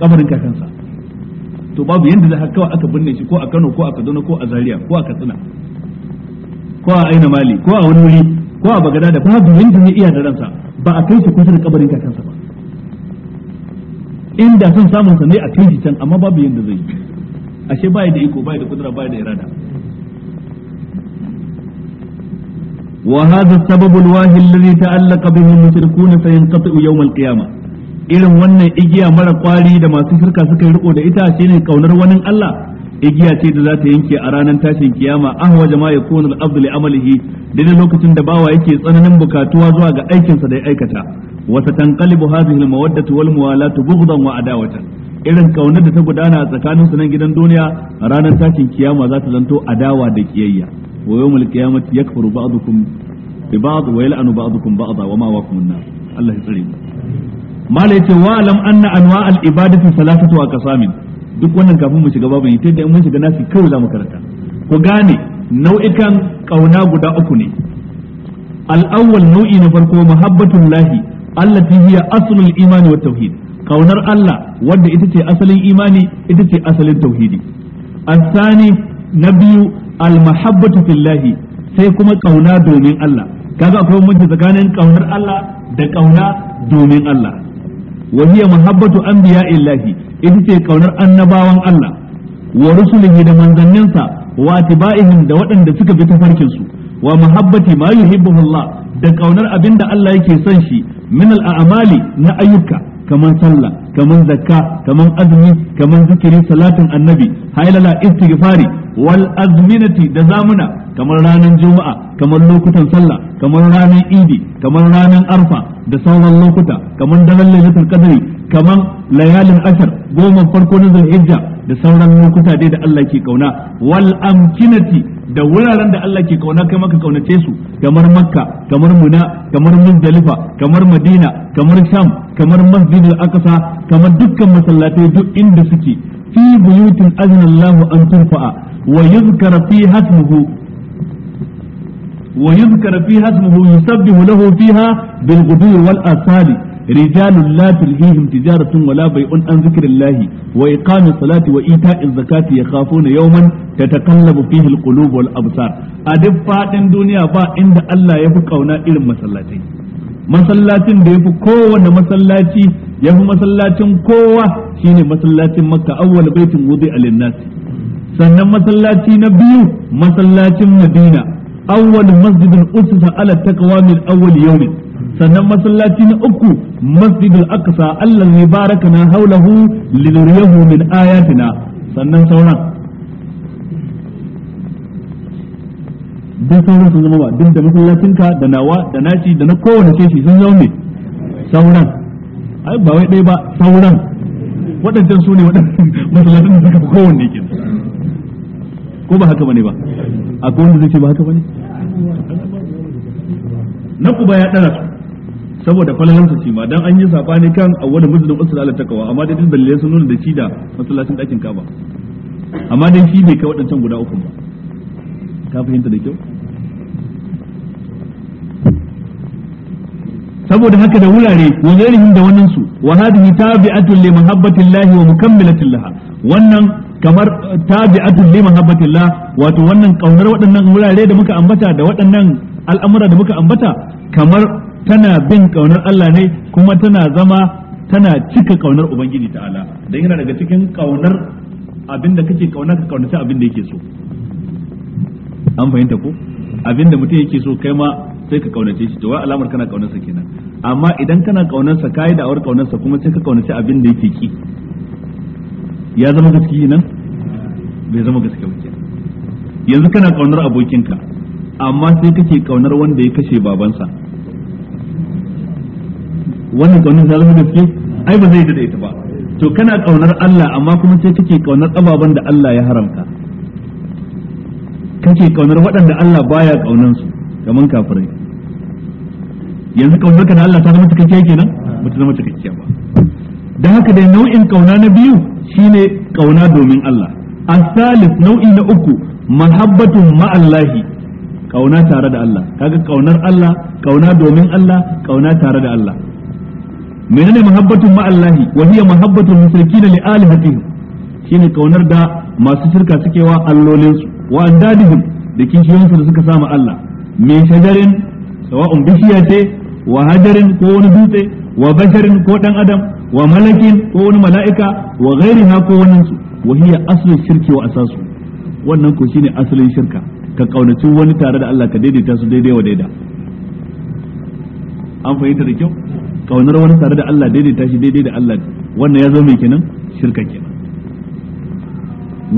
Speaker 2: kabarin kakansa to babu yanda ka haka aka binne shi ko a Kano ko a Kaduna ko a Zaria ko a Katsina ko a Aina Mali ko a wani wuri ko a Bagada da babu yanda ne iya da ransa ba a kai shi kusa da kabarin kakansa ba inda son samun sa ne a kai shi can amma babu yanda zai yi ashe bai da iko bai da kudura bai da irada sababu وهذا السبب الواهي الذي تعلق به المشركون سينقطع يوم القيامة irin wannan igiya mara kwari da masu shirka suka yi riko da ita shine kaunar wani Allah igiya ce da zata yanke a ranar tashin kiyama ahwa jama'a yakunu al-abdu li amalihi daidai lokacin da bawa yake tsananin bukatuwa zuwa ga aikinsa da ya aikata wa satanqalibu hadhihi al-mawaddatu wal muwalatu bughdan wa adawatan irin kaunar da ta gudana a tsakanin su nan gidan duniya ranar tashin kiyama za ta zanto adawa da kiyayya wa yawmal qiyamati yakfuru ba'dukum bi ba'd wa yal'anu ba'dukum ba'da wa ma'awakum an-nar Allah ya tsare mala yace wa alam anna anwa' a ibadati thalathatu duk wannan kafin mu shiga babin yace da mun shiga nasi kawai za mu karanta ku gane nau'ikan kauna guda uku ne al-awwal nau'i na farko mahabbatul lahi allati hiya aslul imani wat tauhid kaunar Allah wanda ita ce asalin imani ita ce asalin tauhidi الثاني na biyu almahabbatu fillahi sai kuma kauna domin Allah kaga akwai mutunci tsakanin kaunar Allah da kauna domin Allah wa hiya mahabbatu illahi, ita ce kaunar annabawan Allah wa rusulihi da manzanninsa wa tibaihim da waɗanda suka bi tafarkin su wa mahabbati ma yuhibbu Allah da kaunar abinda Allah yake son shi min al'amali na ayyuka kamar sallah kaman zakka kaman azumi kaman zikiri salatin annabi hailala istighfari wal azminati da zamuna kamar ranar juma'a kamar lokutan sallah kamar ranar idi kamar ranar arfa da sauran lokuta kamar daren lailatul qadri kaman layalin ashar goma farko na zulhijja da sauran lokuta dai da Allah ke kauna wal amkinati da wuraren da Allah ke kauna kai maka kaunace su kamar makka kamar muna kamar muzdalifa kamar madina kamar sham kamar Masjid masjidul aqsa kamar dukkan masallatai duk inda suke fi buyutin azna Allah an turfa'a wa yuzkara fi hasmuhu wa yuzkara fi hasmuhu yusabbihu lahu fiha bil ghudwi wal asali رجال لا تلهيهم تجارة ولا بيع عن ذكر الله وإقام الصلاة وإيتاء الزكاة يخافون يوما تتقلب فيه القلوب والأبصار أدب فاتن دنيا با عند الله يبقى إلى مسلاتين masallacin da yafi kowanne masallaci yafi masallacin kowa shine masallacin makka awwal baitin wudi alinnas sannan masallaci na biyu masallacin madina awwal masjidin usisa ala taqwa min awwal yawm sannan masallaci na uku masjidul aqsa allazi barakana hawlahu linuriyahu min ayatina sannan sauran duk sauran sun zama ba duk da masallacinka da nawa da naci da na kowane keshi sun zama me sauran ai ba wai ɗaya ba sauran waɗancan su ne masallacin da suka kowanne ke ko ba haka bane ba a wanda zai ce ba haka bane na kuba ya ɗara su saboda falalansa shi ma dan an yi sabani kan awwal muslim usul ala takawa amma dai dalilai sun nuna da shi da masallacin ɗakin ba amma dai shi bai kai waɗancan guda uku ba ka fahimta da kyau saboda haka da wurare wa ghairihim da wannan su wa hadhihi tabi'atun li llahi wa mukammilatin laha wannan kamar eh, tabi'atun li llah wato wannan kaunar waɗannan wurare da muka ambata da waɗannan al'amura da muka ambata kamar tana bin kaunar Allah ne kuma tana zama tana cika kaunar ubangiji ta'ala dan yana daga cikin kaunar abinda kake kauna ka kaunaci abinda yake so an fahimta ko abinda mutum yake so kai ma sai ka kaunace shi to wai alamar kana kaunarsa kenan amma idan kana kaunarsa kai da awar kaunarsa kuma sai ka kaunace abin da yake ki ya zama gaskiya nan bai zama gaskiya ba kenan yanzu kana kaunar abokinka amma sai kake kaunar wanda ya kashe babansa wannan kaunar ta zama gaskiya ai ba zai da ita ba to kana kaunar Allah amma kuma sai kake kaunar ababan da Allah ya haramta kake kaunar waɗanda Allah baya kaunan su kamar kafirai yanzu kaunar ka da Allah ta zama cikakkiya kenan ba ta zama cikakkiya ba dan haka dai nau'in kauna na biyu shine kauna domin Allah as-salis nau'i na uku mahabbatun ma'allahi kauna tare da Allah kaga kaunar Allah kauna domin Allah kauna tare da Allah menene mahabbatun ma'allahi wa hiya mahabbatul musrikin li alihatihi shine kaunar da masu shirka suke wa allolin su wa andadihim da kishiyansu da suka sama Allah me shajarin sawa'un bishiya ce wa hajarin ko wani dutse wa basharin ko dan adam wa malakin ko wani mala'ika wa ha ko wani su wa hiya aslu shirki wa asasu wannan ko shine asalin shirka ka kaunaci wani tare da Allah ka daidaita su daidai wa daida an fahimta da kyau kaunar wani tare da Allah daidaita shi daidai da Allah wannan ya zo mai kenan shirka kenan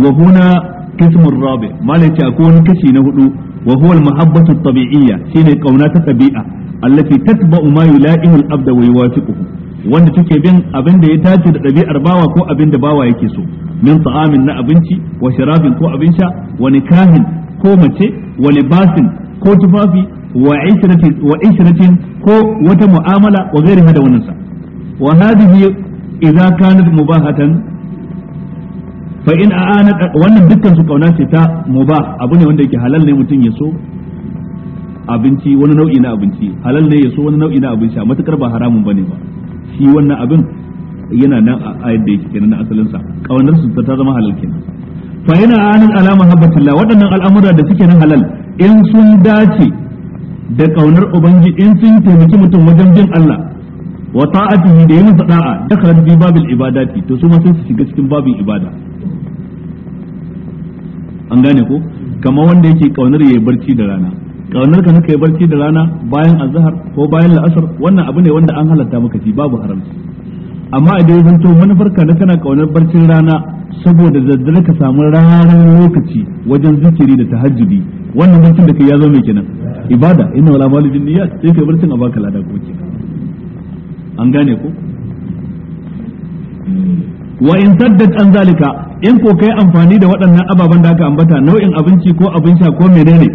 Speaker 2: wa huna القسم الرابع ما ليس أكون كشي نهدو وهو المحبة الطبيعية شين قونات طبيعة التي تتبع ما يلائم الأبد ويوافقه wanda take bin abin da ya tace da ɗabi'ar bawa ko abin da bawa yake so min ta'amin na abinci wa sharabin ko abin sha wa nikahin ko mace wa libasin ko tufafi wa ishratin wa ko wata mu'amala wa ghairiha da wannan sa wa hadhihi idza kanat mubahatan fa in a'ana wannan dukkan su kauna ce ta muba abu ne wanda yake halal ne mutum ya so abinci wani nau'i na abinci halal ne ya so wani nau'i na abinci a matukar ba haramun bane ba shi wannan abin yana nan a yadda yake kenan na asalin sa kaunar su ta zama halal kenan fa yana anan alama habbatillah waɗannan al'amura da suke nan halal in sun dace da kaunar ubangiji in sun taimaki mutum wajen bin Allah wa ta'atihi da ya masa da karatu bi babil ibadati to su ma sun shiga cikin babin ibada an gane ko kamar wanda yake kaunar yayi barci da rana kaunar ka nake barci da rana bayan azhar ko bayan la'asar wannan abu ne wanda an halatta maka shi babu haramci amma idan ya zanto manufar ka na kana kaunar barcin rana saboda daddare ka samu ranar lokaci wajen zikiri da tahajjudi wannan barcin da kai ya zo mai kenan ibada inna wala walidin niyyat sai kai barcin a baka lada ko kenan an gane ku wa in saddad an zalika in ko kai amfani da waɗannan ababen da aka ambata nau'in abinci ko abin sha ko menene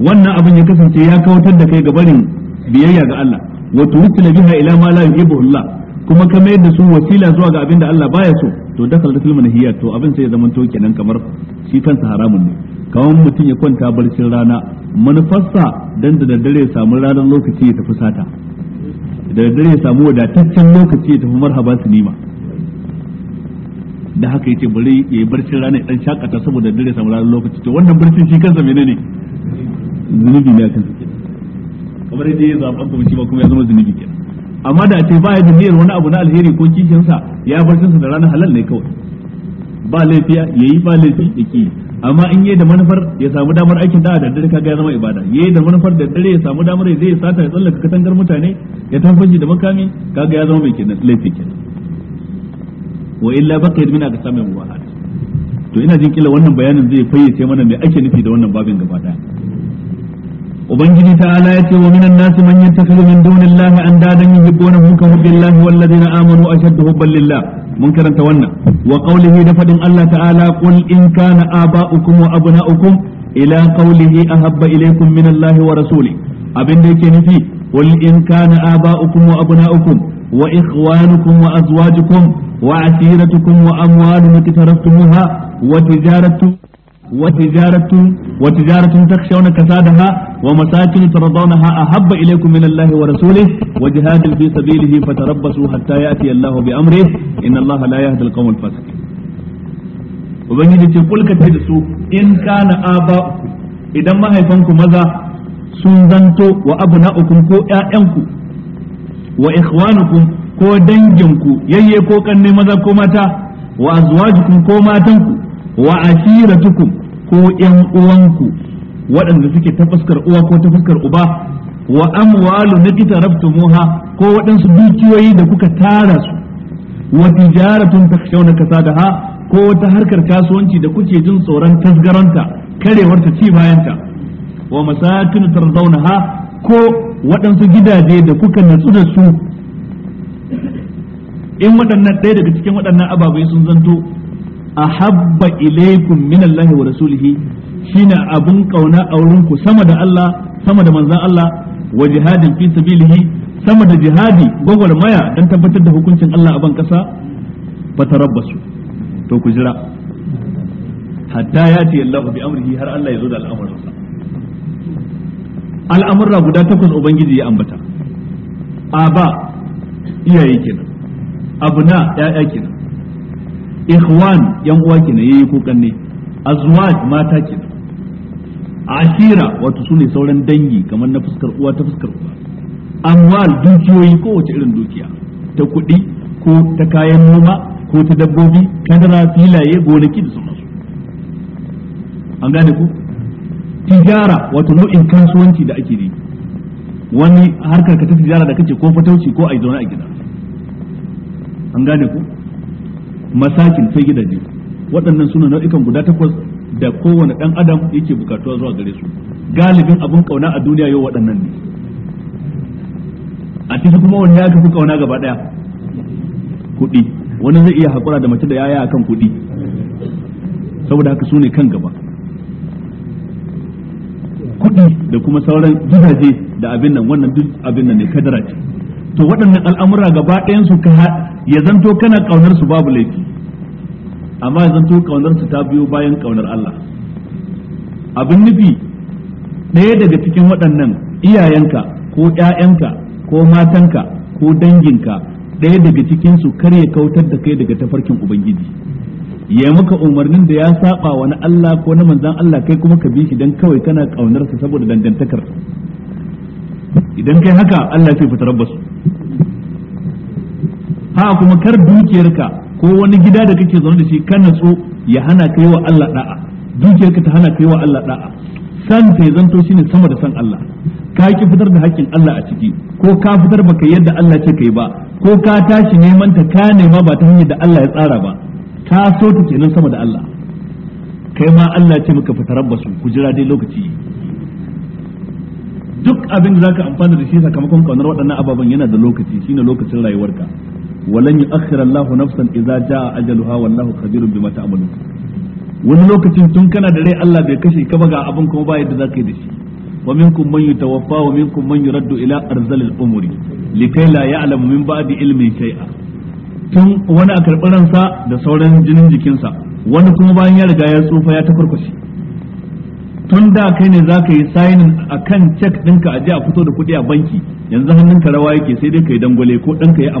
Speaker 2: wannan abin ya kasance ya kawatar da kai barin biyayya ga Allah wa tuwsila biha ila ma la yuhibbu Allah kuma ka mayar da su wasila zuwa ga abin da Allah baya so to dakal da filmin hiyar to abin sai ya zama to kenan kamar shi kansa haramun ne kamar mutum ya kwanta barcin rana manufarsa dan da daddare ya samu ranar lokaci ya tafi sata da dare ya samu wadataccen lokaci ya tafi marhaba sinima da haka yace bari ya yi barcin rana dan shakata saboda dare samu ranar lokaci to wannan barcin shi kansa menene zunubi ne kansa kamar yadda ya zaɓa kuma shi ba kuma ya zama zunubi kenan amma da ce ba ya da niyyar wani abu na alheri ko sa ya barcin sa da ranar halal ne kawai ba laifi yayi ba laifi yake amma in yi da manufar ya samu damar aikin da'a da dare kaga ya zama ibada yi da manufar da dare ya samu damar zai sata ya tsallaka katangar mutane ya tafaji da makami kaga ya zama mai kenan laifi kenan wa illa baqiyat min aqsamil mubahat to ina jin kila wannan bayanin zai fayyace mana me ake nufi da wannan babin gaba daya ubangiji ta'ala ya ce wa minan nasi man yattakhidhu min dunillahi andadan yuhibbunahum ka hubbillahi wal ladina amanu ashaddu hubban lillah mun karanta wannan wa qawlihi da fadin Allah ta'ala qul in kana aba'ukum wa abna'ukum ila qawlihi ahabba ilaykum min Allah wa rasuli abin da yake nufi qul in kana aba'ukum wa abna'ukum wa ikhwanukum wa azwajukum wa asiratukum wa amwalun iktaraftumuha wa tijaratukum وتجارة وتجارة تخشون كسادها ومساكن ترضونها أحب إليكم من الله ورسوله وجهاد في سبيله فتربصوا حتى يأتي الله بأمره إن الله لا يهدي القوم الفاسقين وبنجد تقول كتير سوء إن كان آباء إذا ما هيفنكم ماذا سنزنتو وأبناؤكم كو أعينكم وإخوانكم كو دنجنكم يي كو كان ماذا كو ماتا وأزواجكم كو ماتنكم wa asiratukum ko yan uwanku waɗanda suke ta fuskar uwa ko ta fuskar uba wa amwalu naqtaraftumuha ko waɗansu dukiyoyi da kuka tara su wa tijaratun takshawna kasadaha ko wata harkar kasuwanci da kuke jin tsoron tasgaranta ta ci bayanta wa masakin tarzaunaha ko waɗansu gidaje da kuka natsu da su in waɗannan ɗaya daga cikin waɗannan ababai sun zanto ahabba ilaykum min Allah wa rasulihi shine abun kauna a wurin ku sama da Allah sama da manzon Allah wa jihadin fi sabilihi sama da jihadi maya don tabbatar da hukuncin Allah a ban kasa fatarabbasu to ku jira hatta ya ce Allah bi amrihi har Allah ya zo da al'amuransa al'amurra guda takwas ubangiji ya ambata aba iyaye kenan abuna ya'ya kenan ikhwan yan uwa kenan yayi ko kanne azwaj mata kenan ashira wato sune sauran dangi kamar na fuskar uwa ta fuskar uwa amwal dukiyoyi kowace irin dukiya ta kuɗi ko ta kayan noma ko ta dabbobi kadara filaye gonaki da sauransu an gane ku tijara wato nau'in kasuwanci da ake yi wani harkar ka ta tijara da kake ko fatauci ko a zaune a gida an gane ku masakin sai gidaje waɗannan suna nau'ikan guda takwas da kowane ɗan adam yake bukatuwa zuwa gare su galibin abun ƙauna a duniya yau waɗannan ne a cikin kuma wanda ya fi ƙauna gaba ɗaya kuɗi wani zai iya haƙura da mace da yaya akan kuɗi saboda haka su ne kan gaba kuɗi da kuma sauran gidaje da abin nan wannan duk abin nan ne kadara ce to waɗannan al'amura gaba ɗayan su ka ya zanto kana kaunar su babu laifi amma ya zanto kaunar su ta biyo bayan kaunar Allah abin nufi ɗaya daga cikin waɗannan iyayenka ko ƴaƴanka ko matanka ko danginka ɗaya daga cikin su kar ya kautar da kai daga tafarkin ubangiji ya maka umarnin da ya saba wani Allah ko na manzan Allah kai kuma ka bi shi dan kawai kana kaunar sa saboda dangantakar idan kai haka Allah sai fitar basu ha kuma kar dukiyarka ko wani gida da kake zaune da shi ka natso ya hana ka yi wa Allah da'a dukiyarka ta hana ka yi wa Allah da'a san ta ya zanto ne sama da san Allah ka ki fitar da hakkin Allah a ciki ko ka fitar baka yadda Allah ce kai ba ko ka tashi neman ta ka nema ba ta hanyar da Allah ya tsara ba ka so ta kenan sama da Allah kai ma Allah ce ba su ku jira dai lokaci duk abin da zaka amfana da shi sakamakon kaunar waɗannan ababen yana da lokaci shine lokacin rayuwarka walan yu'akhkhira Allahu nafsan idza jaa ajaluha wallahu khabirun bima ta'malun wani lokacin tun kana da rai Allah bai kashe ka ba ga abin kuma ba yadda zaka yi da shi wa minkum man yutawaffa wa minkum man yuraddu ila arzalil umri likai la ya'lamu min ba'di shai'a. shay'a tun wani a karɓi ransa da sauran jinin jikinsa wani kuma bayan ya riga ya tsufa ya tafarkwashe tun da kai ne zaka yi sainin akan cek ɗinka a je a fito da kuɗi a banki yanzu hannunka rawa yake sai dai kai dangwale ko ka yi a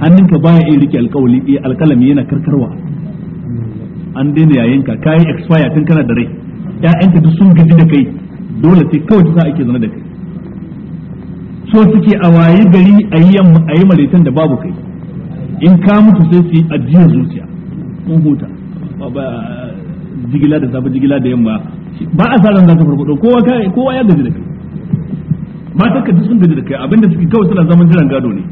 Speaker 2: hannun ka baya iya rike alƙawali eh, alƙalami yana karkarwa an daina yayinka yi expire tun kana da rai ka duk sun gaji da kai dole sai kawai ta ake zana da kai so suke a waye gari a yi a yi malitan da babu kai in ka mutu sai su yi ajiyar zuciya mun huta jigila da safe jigila da yamma ba a sa ran za ka farfado kowa ya gaji da kai matan ka sun gaji da kai abinda suke kawai suna zaman jiran gado ne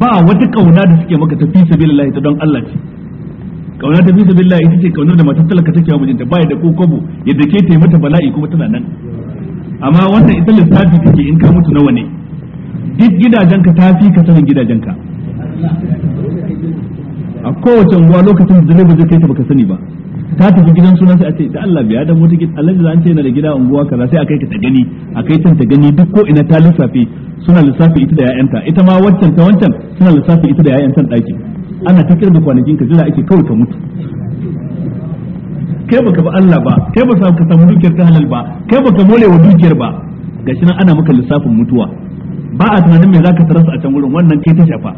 Speaker 2: ba wata kauna da suke maka tafi sabi sabilillah ta don Allah ce kauna ta fi sabilillah ita ce kaunar da matar talaka take wa mijinta ba da ko kwabo, yadda ke ta yi mata bala'i kuma tana nan amma wannan ita lissafi ke in ka mutu nawa ne duk gidajenka ta fi ka sanin gidajenka a kowace unguwa lokacin da zai ba zai kai ta baka sani ba ta tafi gidan sunan sai a ce da Allah biya da wata gida Allah an ce yana da gida unguwa kaza sai a kai ka ta gani a kai can ta gani duk ko ina ta lissafi suna lissafi ita da ƴaƴanta ita ma wancan ta wancan suna lissafi ita da ƴaƴantan ɗaki. ana ta kirga kwanakin ka jira ake kawai ka mutu kai baka ba Allah ba kai ba ka samu dukiyar ta halal ba kai baka mole wa dukiyar ba gashi nan ana maka lissafin mutuwa ba a tunanin me zaka tarasa a can wurin wannan kai ta shafa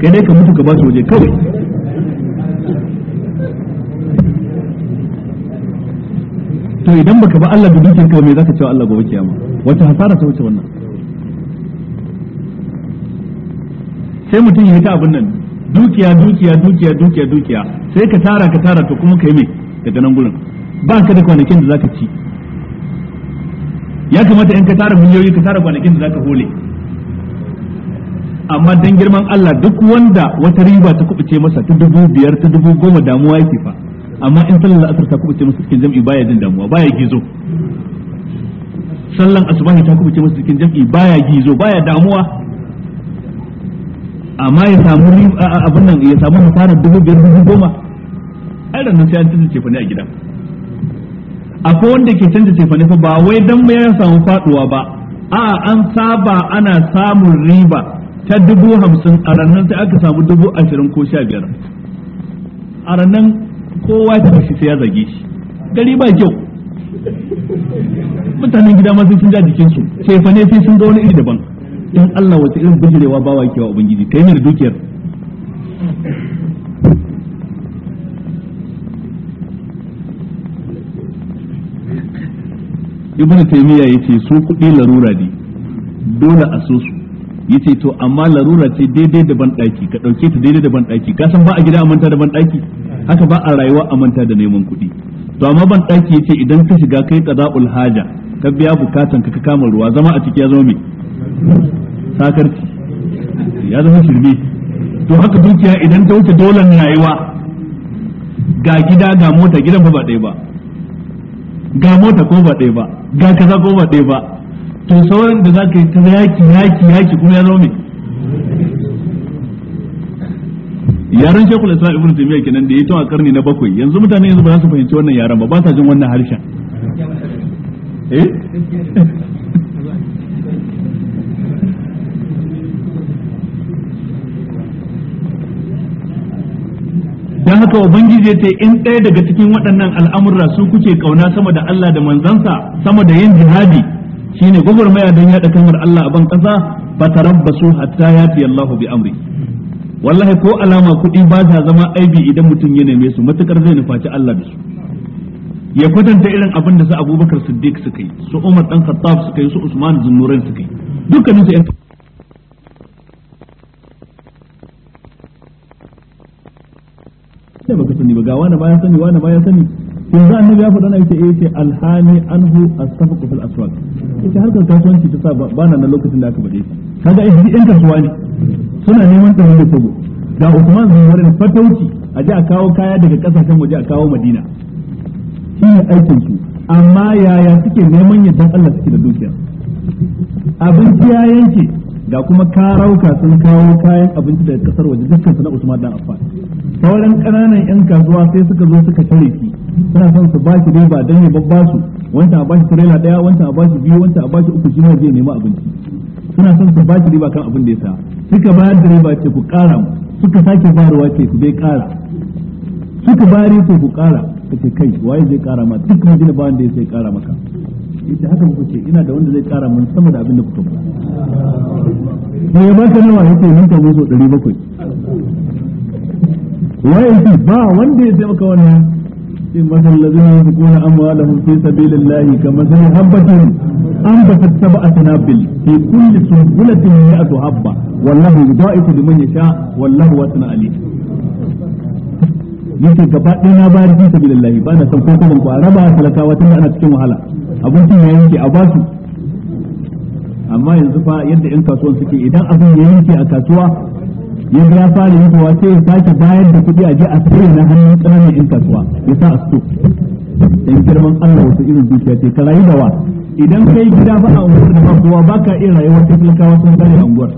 Speaker 2: kai dai ka mutu ka ba su waje kawai to idan baka ba Allah da dukiyar ka me zaka cewa Allah gobe kiyama wata hasara ta wuce wannan sai mutum ya ta abin nan dukiya dukiya dukiya dukiya dukiya sai ka tara ka tara to kuma kai me daga nan gurin ba ka da kwanakin da zaka ci ya kamata in ka tara miliyoyi ka tara kwanakin da zaka hole amma dan girman Allah duk wanda wata riba ta kubuce masa ta dubu biyar ta dubu goma damuwa yake fa amma in sallar la'asar ta kubuce masa cikin jam'i baya jin damuwa baya gizo sallan asubahi ta kubuce masa cikin jam'i baya gizo baya damuwa amma ya samu abin nan ya samu hasara dubu biyar dubu goma ai nan sai an canza cefane a gida akwai wanda ke canza cefane fa ba wai dan mai ya samu faduwa ba a an saba ana samun riba ta dubu hamsin a ranar sai aka samu dubu ashirin ko sha biyar a ranar kowa ya taɓa shi sai ya zage shi gari ba kyau mutanen gida ma sun ja jikinsu sai fa ne sai sun ga wani iri daban in Allah wace irin bijirewa bawa yake wa ubangiji ta yi dukiyar ibn taymiya yace su kuɗi larura ne dole a so su yace to amma larura ce daidai da ban daki ka dauke ta daidai da ban daki ka san ba a gida amanta da ban daki haka ba a rayuwa a manta da neman kuɗi to amma ban ɗaki yace idan ka shiga kai qada'ul haja ka biya bukatan ka ka kama ruwa zama a ciki ya zama me sakarci ya zama shirme to haka dukiya idan ta wuce dole rayuwa ga gida ga mota gidan ba ba ɗaya ba ga mota ko ba ɗaya ba ga kaza ko ba ɗaya ba to sauran da za ka yi ta yaki yaki yaki kuma ya zama mai yaran shekul lissa ibn taymiya kenan da ya tawa karni na bakwai yanzu mutane yanzu ba za su fahimci wannan yaran ba ba sa jin wannan harshen eh? dan haka ubangiji ce in ɗaya daga cikin waɗannan al'amurra su kuke kauna sama da Allah da manzansa sama da yin jihadi shine gwagwarmaya don yaɗa kalmar Allah a ban ƙasa ba tarabbasu hatta yati Allahu bi amri wallahi ko alama kuɗi ba ta zama aibi idan mutum ya neme su matukar zai nufaci Allah da su ya kwatanta irin abin da su Abubakar Siddiq suka yi su Umar dan Khattab suka yi su Usman Zunnurain suka yi dukkanin su da ka sani ba ga wani ba sani wani ba ya sani yanzu annabi ya faɗa na yake eh, yace alhani anhu as-safaq fil aswaq yake harkar kasuwanci ta sa ba na lokacin da aka bade kaga idan yan kasuwa ne suna neman ta da kogo da Usman bin Warin fatauci a ji a kawo kaya daga kasashen waje a kawo Madina shi ne aikin su amma yaya suke neman yadda Allah suke da dukiya abinci ya yanke da kuma karauka sun kawo kayan abinci daga kasar waje dukkan su na Usman dan Affan sauran kananan yan kasuwa sai suka zo suka tare shi suna son su ba shi riba dan ya babba su wanda a bashi trela daya wanda a bashi biyu wanda a bashi uku shi ne zai abinci suna son su ba shi riba kan abin da ya sa suka bayar da riba ce ku kara suka sake bayarwa ce ku bai kara suka bari ce ku kara kace kai waye zai kara ma duk madina ba wanda ya sai kara maka yace haka ku ce ina da wanda zai kara mun sama da abin da kuka faɗa to ya baka nawa yace ninka mun so 700 wai ba wanda ya taimaka wannan sai masal ladina yunfiquna amwalahum fi sabilillahi kamathali habatin anbatat sab'a sanabil fi kulli sunbulatin mi'atu habba wallahu yudha'ifu liman yasha wallahu wasi'un alim yake gaba ɗaya na bayar fi sabilillahi ba na san ko kuma ku araba talakawa tunda ana cikin wahala abincin ya yanke a basu amma yanzu fa yadda yan kasuwan suke idan abin ya yanke a kasuwa yanzu ya fara yankewa sai ya sake bayar da kuɗi a je a sayar na hannun ƙananan yan kasuwa ya sa a sto dan girman Allah wasu irin dukiya ce ka rayu da wa idan kai gida ba a unguwar da ba kowa baka iya rayuwar ta sun tare a unguwar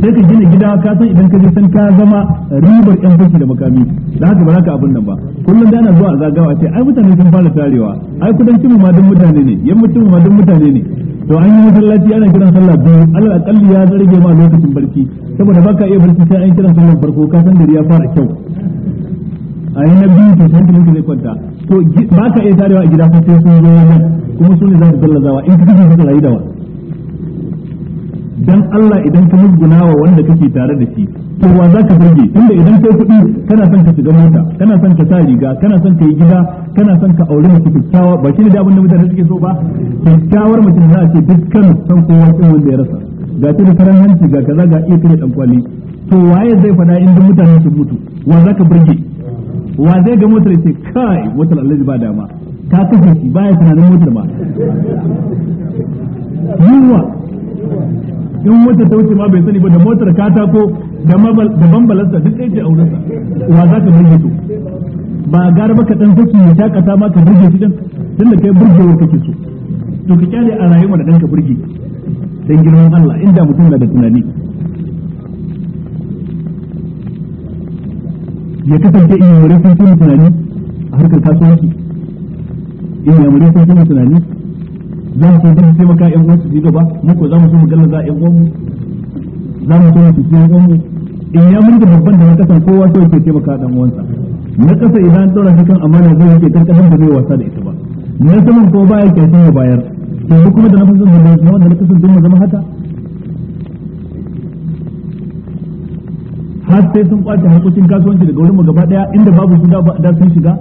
Speaker 2: sai ka gina gida ka san idan ka je san ka zama ribar yan fashi da makami da haka ba za ka abin nan ba kullum da ana zuwa a zagawa ce ai mutane sun fara tarewa ai kudancin mu ma duk mutane ne yan mutum ma duk mutane ne to an yi masallaci ana kiran sallah biyu alal akalli ya zarge ma lokacin barci saboda baka iya barci sai an kiran sallar farko ka san gari ya fara kyau a yi na biyu to sai hankalin zai kwanta to ba ka iya tarewa a gida sai sun zo wajen kuma su ne za su gallazawa in ka kasance suka rayu da dan Allah idan ka musguna wa wanda kake tare da shi to wa zaka burge tunda idan kai kuɗi kana son ka shiga mota kana son ka sa riga kana son ka yi gida kana son ka aure mace kyakkyawa ba shine da abin da mutane suke so ba kyakkyawar mace za a ce dukkan san kowa kin wanda ya rasa ga ta da faran hanci ga kaza ga iya kire dan kwali to waye zai faɗa in duk mutanen sun mutu wa zaka burge wa zai ga motar ce kai motar Allah ba dama ka kace shi baya tunanin motar ba yiwa in motar ta wuce ma bai sani ba da motar katako da bambalarsa duk ɗaya ce a wurinsa wa za ka burge su ba gara baka ɗan saki ya takata ma ka burge su ɗin tun da kai wa kake so to ka kyale a rayuwa mana ɗan ka burge don girman Allah inda mutum na da tunani ya kasance in yamurai sun tunani a harkar kasuwanci in yamurai sun tunani za mu kuma sai maka yan uwansu su gaba mu ko za mu so mu za yan uwanmu za mu so mu fice yan uwanmu in eh, ya mun da babban da na kasan kowa so yake taimaka dan uwansa na kasa idan tsora shi kan amana zai yake kan kasan da zai wasa da ita ba na saman ko ba yake son ya bayar to kuma da na fasin da na wanda na kasan don zama haka har sai sun kwace harkokin kasuwanci daga wurin mu gaba daya inda babu su da sun shiga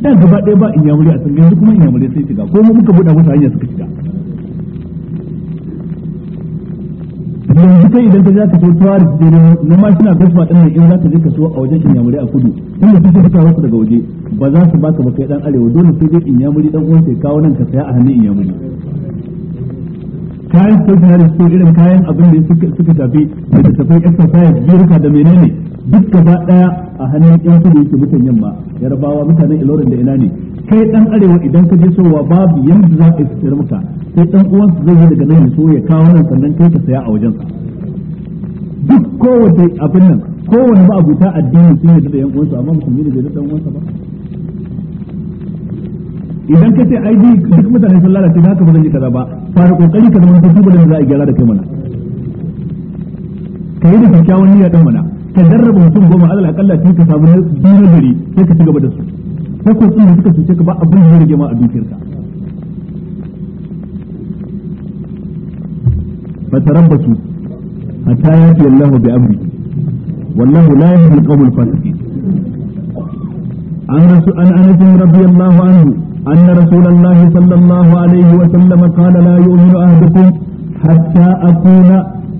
Speaker 2: da gaba ɗaya ba yamuri a can yanzu kuma yamuri sai shiga ko mu muka buɗa musu hanya suka shiga yanzu kai idan ka za ka so tuwari su jere na mashina gasfa ɗin nan in za ka je ka so a wajen yamuri a kudu inda su ke fita wasu daga waje ba za su baka ba kai ɗan arewa dole sai dai in yamuri ɗan uwan sai kawo nan ka saya a hannun yamuri kayan stationary store irin kayan abin da suka shafi da tafai exercise jirka da menene duk gaba daya a hannun yan kudu yake mutan yamma yarbawa mutanen ilorin da ina ne kai dan arewa idan ka je sowa babu yanda za ka fitar maka sai dan uwan zai yi daga nan so ya kawo nan sannan kai ka saya a wajen duk duk kowace abin nan kowanne ba abuta addini sun yarda da yan uwansa amma musulmi ne da dan uwansa ba idan ka ce ai duk mutane sun lalace haka ba zan yi kaza ba fara kokari ka zama duk duba da za a gyara da kai mana kai da kyakkyawan niyya dan mana ka jarraba mutum goma alal akalla sai ka samu biyu gari sai ka ci gaba da su takwas ko da suka cuce ka ba abin da ya rage ma a dukiyarka fatarabbasu hatta yati Allahu bi amri wallahu la yahdi al-qawm al-fasiqin عن عن انس رضي الله عنه ان رسول الله صلى الله عليه وسلم قال لا يؤمن احدكم حتى اكون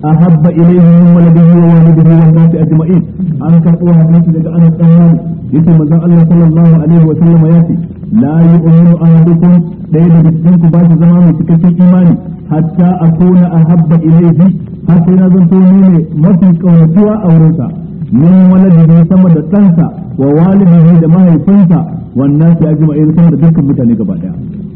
Speaker 2: أحب إليه من ولده ووالده والناس أجمعين أن كفوا حديث لك أنا أمين يتم الله صلى الله عليه وسلم ياتي لا يؤمن أحدكم ليس بسجنك بعد زمان تكفي إيماني حتى أكون أحب إليه حتى لازم تؤمني ما في كونتها أو رسا من ولده سمد تنسى ووالده لما يتنسى والناس أجمعين سمد ذكر متى لك بعدها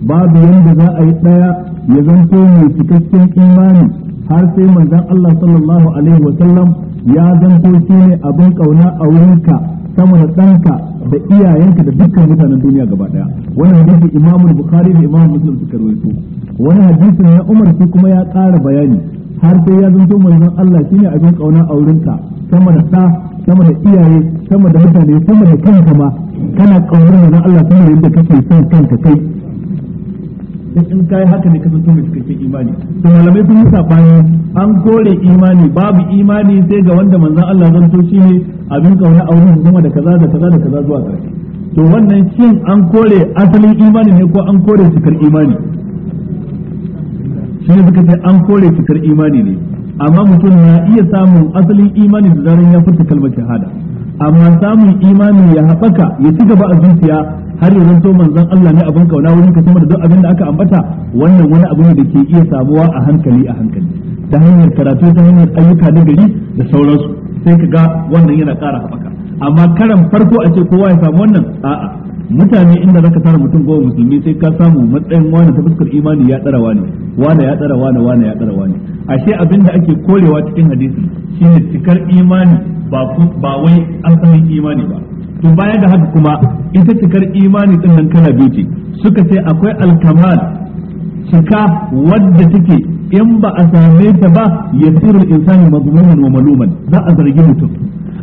Speaker 2: babu yanda za a yi ɗaya ya zanto mai cikakken imani har sai manzan Allah sallallahu alaihi wa sallam ya zanto ne abin kauna a wurinka sama da ɗanka da iyayenka da dukkan mutanen duniya gaba daya wannan hadisi Imam Bukhari da Imam Muslim suka rawaito wani hadisin na Umar shi kuma ya ƙara bayani har sai ya zanto manzan Allah shine abin kauna a wurinka sama da ɗa sama da iyaye sama da mutane sama da kanka ma kana kaunar manzon Allah sama da yadda kake son kanka kai sai in kai haka ne kasance mai cikakken imani to malamai sun yi sabani an kore imani babu imani sai ga wanda manzon Allah zanto ne abin kauna a wurin zama da kaza da kaza da kaza zuwa ƙarshe to wannan shin an kore asalin imani ne ko an kore cikar imani shi ne suka ce an kore cikar imani ne amma mutum na iya samun asalin imani da zaran ya furta kalmar shahada amma samun imani ya haɓaka ya ci gaba a zuciya har yanzu to manzon Allah ne abin kauna wurin ka sama da duk abin da aka ambata wannan wani abu ne da ke iya samuwa a hankali a hankali ta hanyar karatu ta hanyar ayyuka na gari da sauransu sai ka ga wannan yana ƙara haɓaka amma karan farko a ce kowa ya samu wannan a'a mutane inda zaka tara mutum goma musulmi sai ka samu matsayin wani ta fuskar imani ya tsara wani wani ya tsara wani wani ya tsara wani ashe abin da ake korewa cikin hadisi shine cikar imani ba ba wai asalin imani ba to baya da haka kuma ita cikar imani din nan kana biyu suka ce akwai alkamal cika wadda take in ba a same ta ba yasirul insani mazmuman wa maluman za a zargi mutum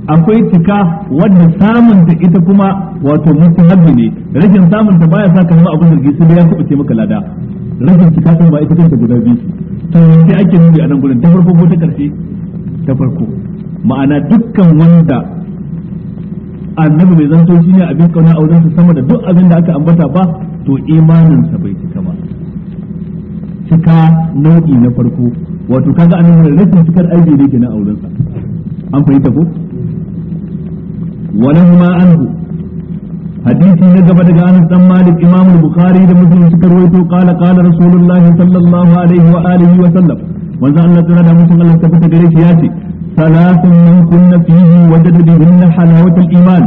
Speaker 2: akwai cika wadda samun ta ita kuma wato mustahabbi ne rashin samun ta baya sa ka zama abin zargi sai ya kuɓuce maka lada rashin cika sun ba ita kanta guda biyu to yanzu ake nuni a nan gurin ta farko ko ta karshe ta farko ma'ana dukkan wanda annabi mai zanto shi ne abin kauna a wajensa sama da duk abin da aka ambata ba to imaninsa bai cika ba cika nau'i na farko wato kaga annabi rashin cikar aiki ne kenan a wurinsa an fahimta ko wannan ma anhu hadisi na gaba daga Anas dan Malik Imam Bukhari da Muslim suka rawaito qala qala Rasulullahi sallallahu alaihi wa alihi wa sallam wanda Allah ta rada mutum Allah fita gare shi yace salatun min kunna fihi wajada bihinna halawatul iman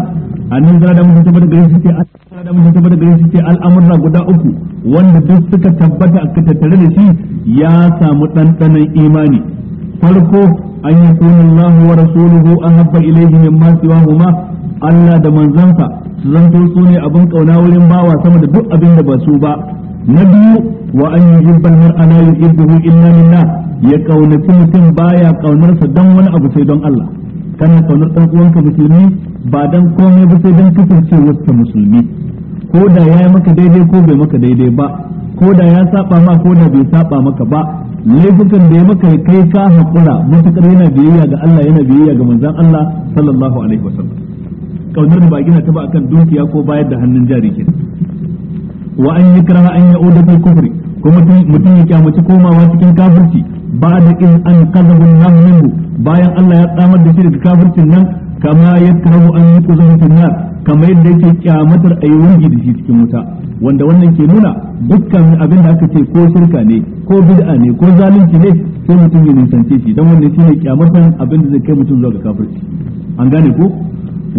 Speaker 2: annin zara da mutum tabbata gare shi da mutum tabbata gare shi sai al'amurra guda uku wanda duk suka tabbata aka tattare da shi ya samu dandanan imani farko an yi sunan Allah wa rasuluhu an habba min ma siwa huma Allah da manzansa su zanto su ne abin kauna wurin bawa sama da duk abin da ba su ba na biyu wa an yuhibba har ana yuhibbuhu illa minna ya kaunaci mutum baya kaunarsa don wani abu sai don Allah kana kaunar dan uwanka musulmi ba dan komai ba sai dan kasancewar ta musulmi ko da ya yi maka daidai ko bai maka daidai ba ko da ya saba ma ko da bai saba maka ba laifukan da ya maka kai ka haƙura matuƙar yana biyayya ga Allah yana biyayya ga manzon Allah sallallahu alaihi wasallam kaunar da ba gina ta ba akan dukiya ko bayar da hannun jari ke wa an yi kira an ya odar bil kufri kuma mutum ya kyamaci komawa cikin kafirci ba da in an kazabu nan bayan Allah ya tsamar da shi daga kafircin nan kama yakrahu an yuqzahu fil nar kamar yadda yake kyamatar yi wurgi da shi cikin wuta wanda wannan ke nuna dukkan abin da aka ce ko shirka ne ko bid'a ne ko zalunci ne sai mutum ya nisance shi dan wannan shine kyamatan abin da zai kai mutum zuwa ga kafirci an gane ko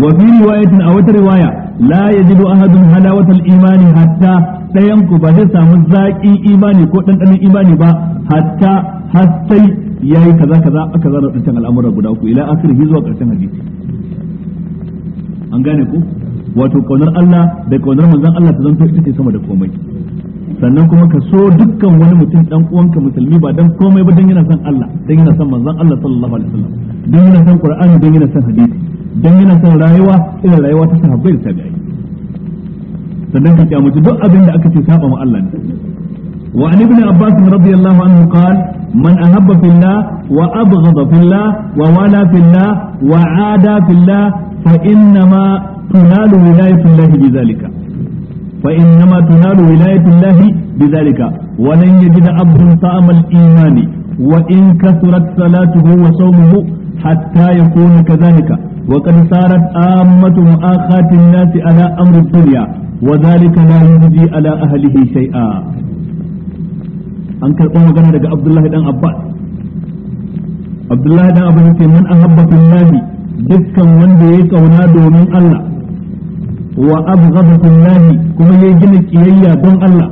Speaker 2: wa fi riwayatin a wata riwaya la yajidu ahadun halawatal imani hatta dayan ku ba zai samu zaƙi imani ko ɗanɗanon imani ba hatta har ya yayi kaza kaza aka zara dukkan al'amura guda uku ila akhirih zuwa karshen hadisi an gane ku wato kaunar Allah da kaunar manzon Allah ta zanto ita ce sama da komai sannan kuma ka so dukkan wani mutum dan uwanka musulmi ba dan komai ba dan yana son Allah dan yana son manzon Allah sallallahu alaihi wasallam dan yana son Qur'ani dan yana son hadisi dan yana son rayuwa irin rayuwa ta sahabbai da tabi'ai sannan ka kyamuci duk abin da aka ce saba ma Allah ne wa an ibn abbas radiyallahu anhu qala man ahabba fillah wa abghadha fillah wa wala fillah wa ada fillah fa innama tunalu wilayatullahi bizalika fa innama tunalu wilayatullahi bizalika wa lan yajida abdun ta'ama al-imani wa in kasurat salatuhu wa hatta yakuna kadhalika وقد صارت عامة مؤاخاة الناس على أمر الدنيا وذلك لا يجدي على أهله شيئا an karɓo magana daga abdullahi dan abbas abdullahi dan abbas ce man ahabba fillahi dukkan wanda ya kauna domin Allah wa abghadakum lahi kuma ya gina kiyayya don Allah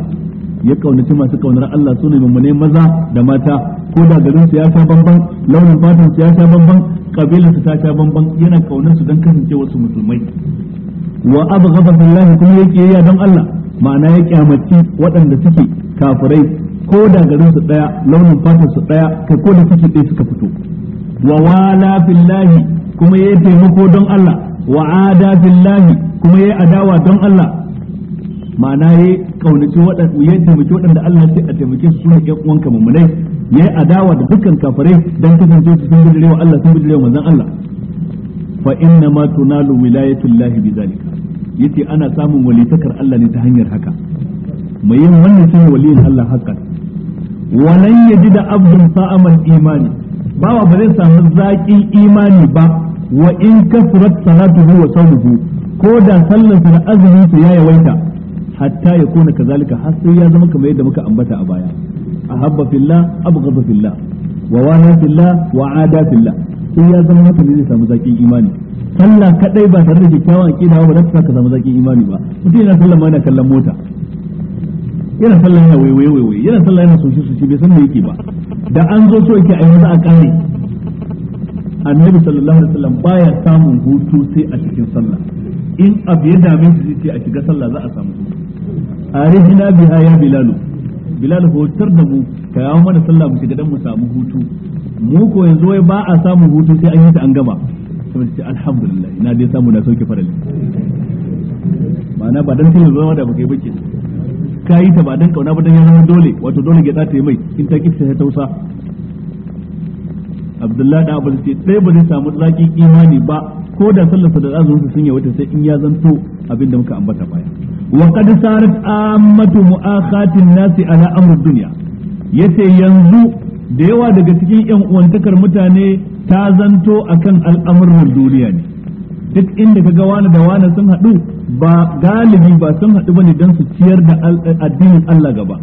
Speaker 2: ya kaunaci masu kaunar Allah sune mummune maza da mata ko da garin su ya sha bamban launin fatan su ya sha bamban kabilan su ta sha bamban yana kaunar su don kasance wasu musulmai wa abghadakum lahi kuma ya kiyayya don Allah ma'ana ya kyamaci waɗanda suke kafirai ko da garin su daya launin fatan su daya kai ko da suke ɗaya suka fito wa wala billahi kuma yayi taimako don Allah wa ada billahi kuma yayi adawa don Allah ma'ana ya kaunaci waɗanda yayi taimaki waɗanda Allah ya a taimake su sune ƴan uwanka mummunai yayi adawa da dukkan kafirai don kasance su sun bidire wa Allah sun bidire wa manzon Allah fa inna ma tunalu wilayatullahi bizalika yace ana samun walitakar Allah ne ta hanyar haka mai yin wannan shine waliyin Allah hakan walan yajida abdun sa'amal imani bawa ba zai samu zaƙin imani ba wa in kasrat salatuhu wa sawmuhu ko da sallan sallarsa da azumin sa ya yawaita hatta ya kona kazalika har sai ya zama kamar yadda muka ambata a baya ahabba fillah abghadha fillah wa wana fillah wa ada fillah sai ya zama haka ne zai samu zaƙin imani sallah kadai ba tare da kyakkyawan aqida ba za ka samu zaƙin imani ba mutum yana sallan ma yana kallon mota yana sallan yana waiwaye waiwaye yana sallan yana soshi soshi bai san me yake ba da an zo so yake a yanzu a kare annabi sallallahu alaihi wasallam baya samun hutu sai a cikin sallah in abu ya dame shi sai a shiga sallah za a samu
Speaker 1: hutu
Speaker 2: arihina biha ya bilalu bilal hotar da mu ka yawo mana sallah mu shiga dan mu samu hutu mu ko yanzu wai ba a samun hutu sai an yi ta an gama sai ce alhamdulillah ina dai samu na sauke farali ma'ana ba dan sai zama da baka yi ba ka yi ta ba dan kauna ba dan ya zama dole wato dole ga ta yi mai in ta kitse ta tausa abdullah da Abu ce dai ba zai samu zaki imani ba ko da sallarsa da su sun yawaita sai in ya zanto abin da muka ambata baya wa qad sarat ammatu mu'akhatin nasi ala amrud dunya yace yanzu da yawa daga cikin yan uwantakar mutane ta zanto akan al'amuran duniya ne duk inda ka ga wani da wani sun haɗu ba galibi ba sun haɗu ne don su ciyar da addinin Allah gaba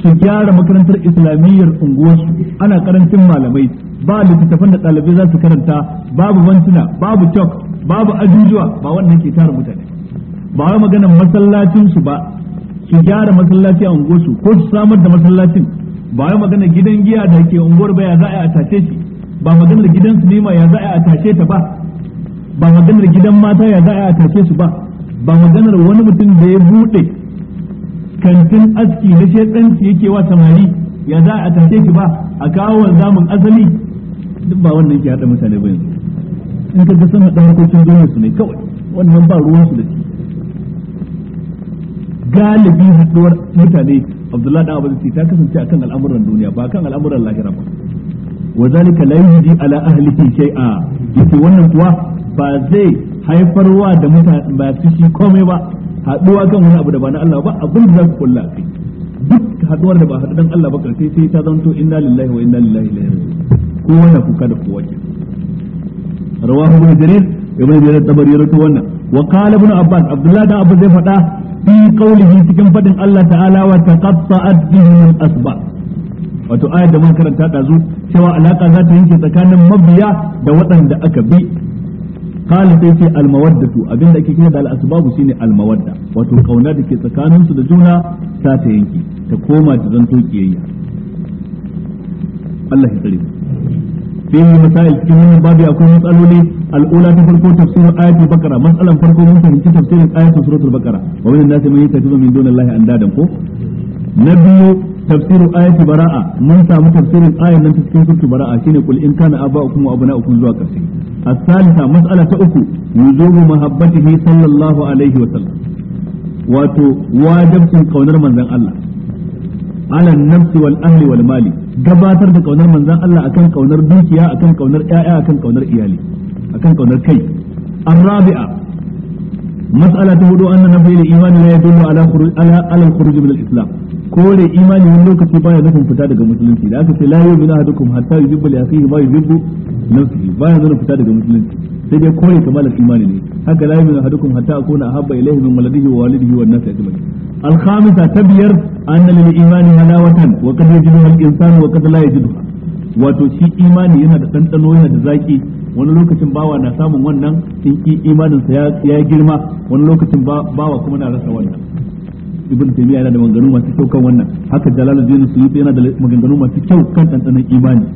Speaker 2: su gyara makarantar islamiyyar unguwarsu ana karancin malamai ba littattafan da ɗalibai za su karanta babu bantuna babu cok babu ajujuwa ba wannan ke tara mutane ba wai maganar masallacinsu ba su gyara masallaci a unguwarsu ko su samar da masallacin ba wai maganar gidan giya da ke unguwar ba ya za a tashe shi ba maganar gidan sinima ya za a tashe ta ba ba maganar gidan mata ya za a atake su ba ba maganar wani mutum da ya bude kantin aski na shedanci yake wa samari ya za a atake shi ba a kawo zamun asali duk ba wannan ke hada mutane ba yanzu in ka ga sama da harkokin duniya su ne kawai wannan ba ruwan su da shi galibi haɗuwar mutane Abdullahi da Abu ta kasance akan al'amuran duniya ba kan al'amuran lahira ba wa zalika la yujdi ala ahlihi shay'a yace wannan kuwa ba zai haifarwa da mutane ba su shi komai ba haɗuwa kan wani abu da ba na Allah ba abin da za ku kulla kai duk haɗuwar da ba haɗu dan Allah ba karfe sai ta zanto inna lillahi wa inna ilaihi raji'un ko wannan kuka da kowa ke rawahu ibn jarir ibn jarir tabari rawaito wannan wa qala ibn abbas abdullah da abu zai faɗa fi qawlihi cikin fadin Allah ta'ala wa taqatta'at bihim al-asba wato ayat da mun karanta da zu cewa alaka za ta yanke tsakanin mabiya da waɗanda aka bi qala sai ce almawaddatu mawaddatu abinda ake kira da al asbabu shine almawadda wato kauna da ke tsakanin su da juna ta ta yanki ta koma ta zanto kiyayya Allah ya tsare في مسائل كمان بابي أكون مسألة لي الأولى تفرقوا تفسير آية البقرة مسألة فرقوا ممكن تفسير آية سورة البقرة ومن الناس من يتخذ من دون الله أندادا na biyu tafsirin ayati bara'a mun samu tafsirin ayan nan cikin surtu bara'a shine kul in kana aba'ukum wa abna'ukum zuwa karshe as-salisa mas'ala ta uku wujubu mahabbatihi sallallahu alaihi wa sallam wato wajibcin kaunar manzon Allah ala nafsi wal ahli wal mali gabatar da kaunar manzon Allah akan kaunar dukiya akan kaunar ƴaƴa akan kaunar iyali akan kaunar kai الرابعة mas'ala ta hudu anna nafi da imani la yadullu ala ala al min al-islam kore imani wani lokaci baya nufin fita daga musulunci da aka ce la yu'minu ahadukum hatta yuhibbu li akhihi ma yuhibbu nafsihi baya nuna fita daga musulunci sai dai kore kamalar imani ne haka la yu'minu ahadukum hatta wa الخامسة تبير أن للإيمان هلاوة وقد يجدها الإنسان وقد لا يجدها wato shi imani yana da ɗanɗano yana da zaki wani lokacin bawa na samun wannan in imaninsa ya girma wani lokacin bawa kuma na rasa wannan ibn taymiya yana da maganganu masu kyau kan wannan haka jalaluddin suyuti yana da maganganu masu kyau kan dandanon imani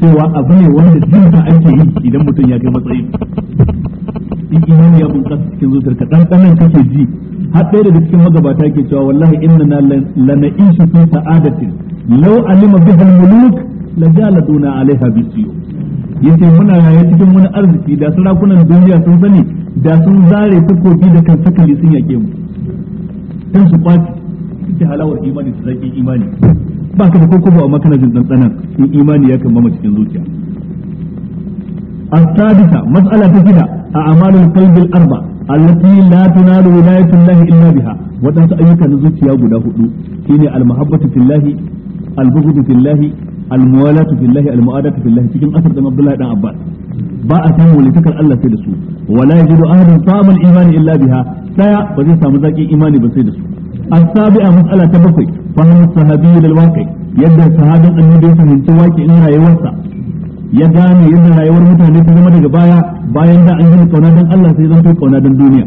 Speaker 2: cewa abu ne wanda jinta ake yi idan mutum ya ga matsayi in imani ya bunƙasa cikin ka dan kake ji har ɗaya daga cikin magabata ke cewa wallahi inna na'ishu fi sa'adatin law alima bihal muluk lajaladuna alaiha bisiyu yace muna raye cikin wani arziki da sarakunan duniya sun sani da sun zare takobi da kan sakali sun yake mu sun su kwaci cikin halawar imani su zaki imani ba ka da koko ba amma kana jin dantsana in imani ya kama cikin zuciya asadisa mas'ala ta gida a amalin kalbil arba allati la tunalu wilayatu llahi illa biha wadansu ayyukan na zuciya guda hudu shine al mahabbatu fillahi al almuwalatu fillahi almu'adatu fillahi cikin asar da Abdullahi dan Abbas ba a samu walitakar Allah sai da su wala yajidu ahadun samal imani illa biha daya ba zai samu zakin imani ba sai da su as a mas'ala ta bakwai fahimu sahabi lil waqi yadda sahabin annabi ya fahimci in rayuwarsa ya gane yadda rayuwar mutane ta zama daga baya bayan da an gina kauna dan Allah sai zanto kauna dan duniya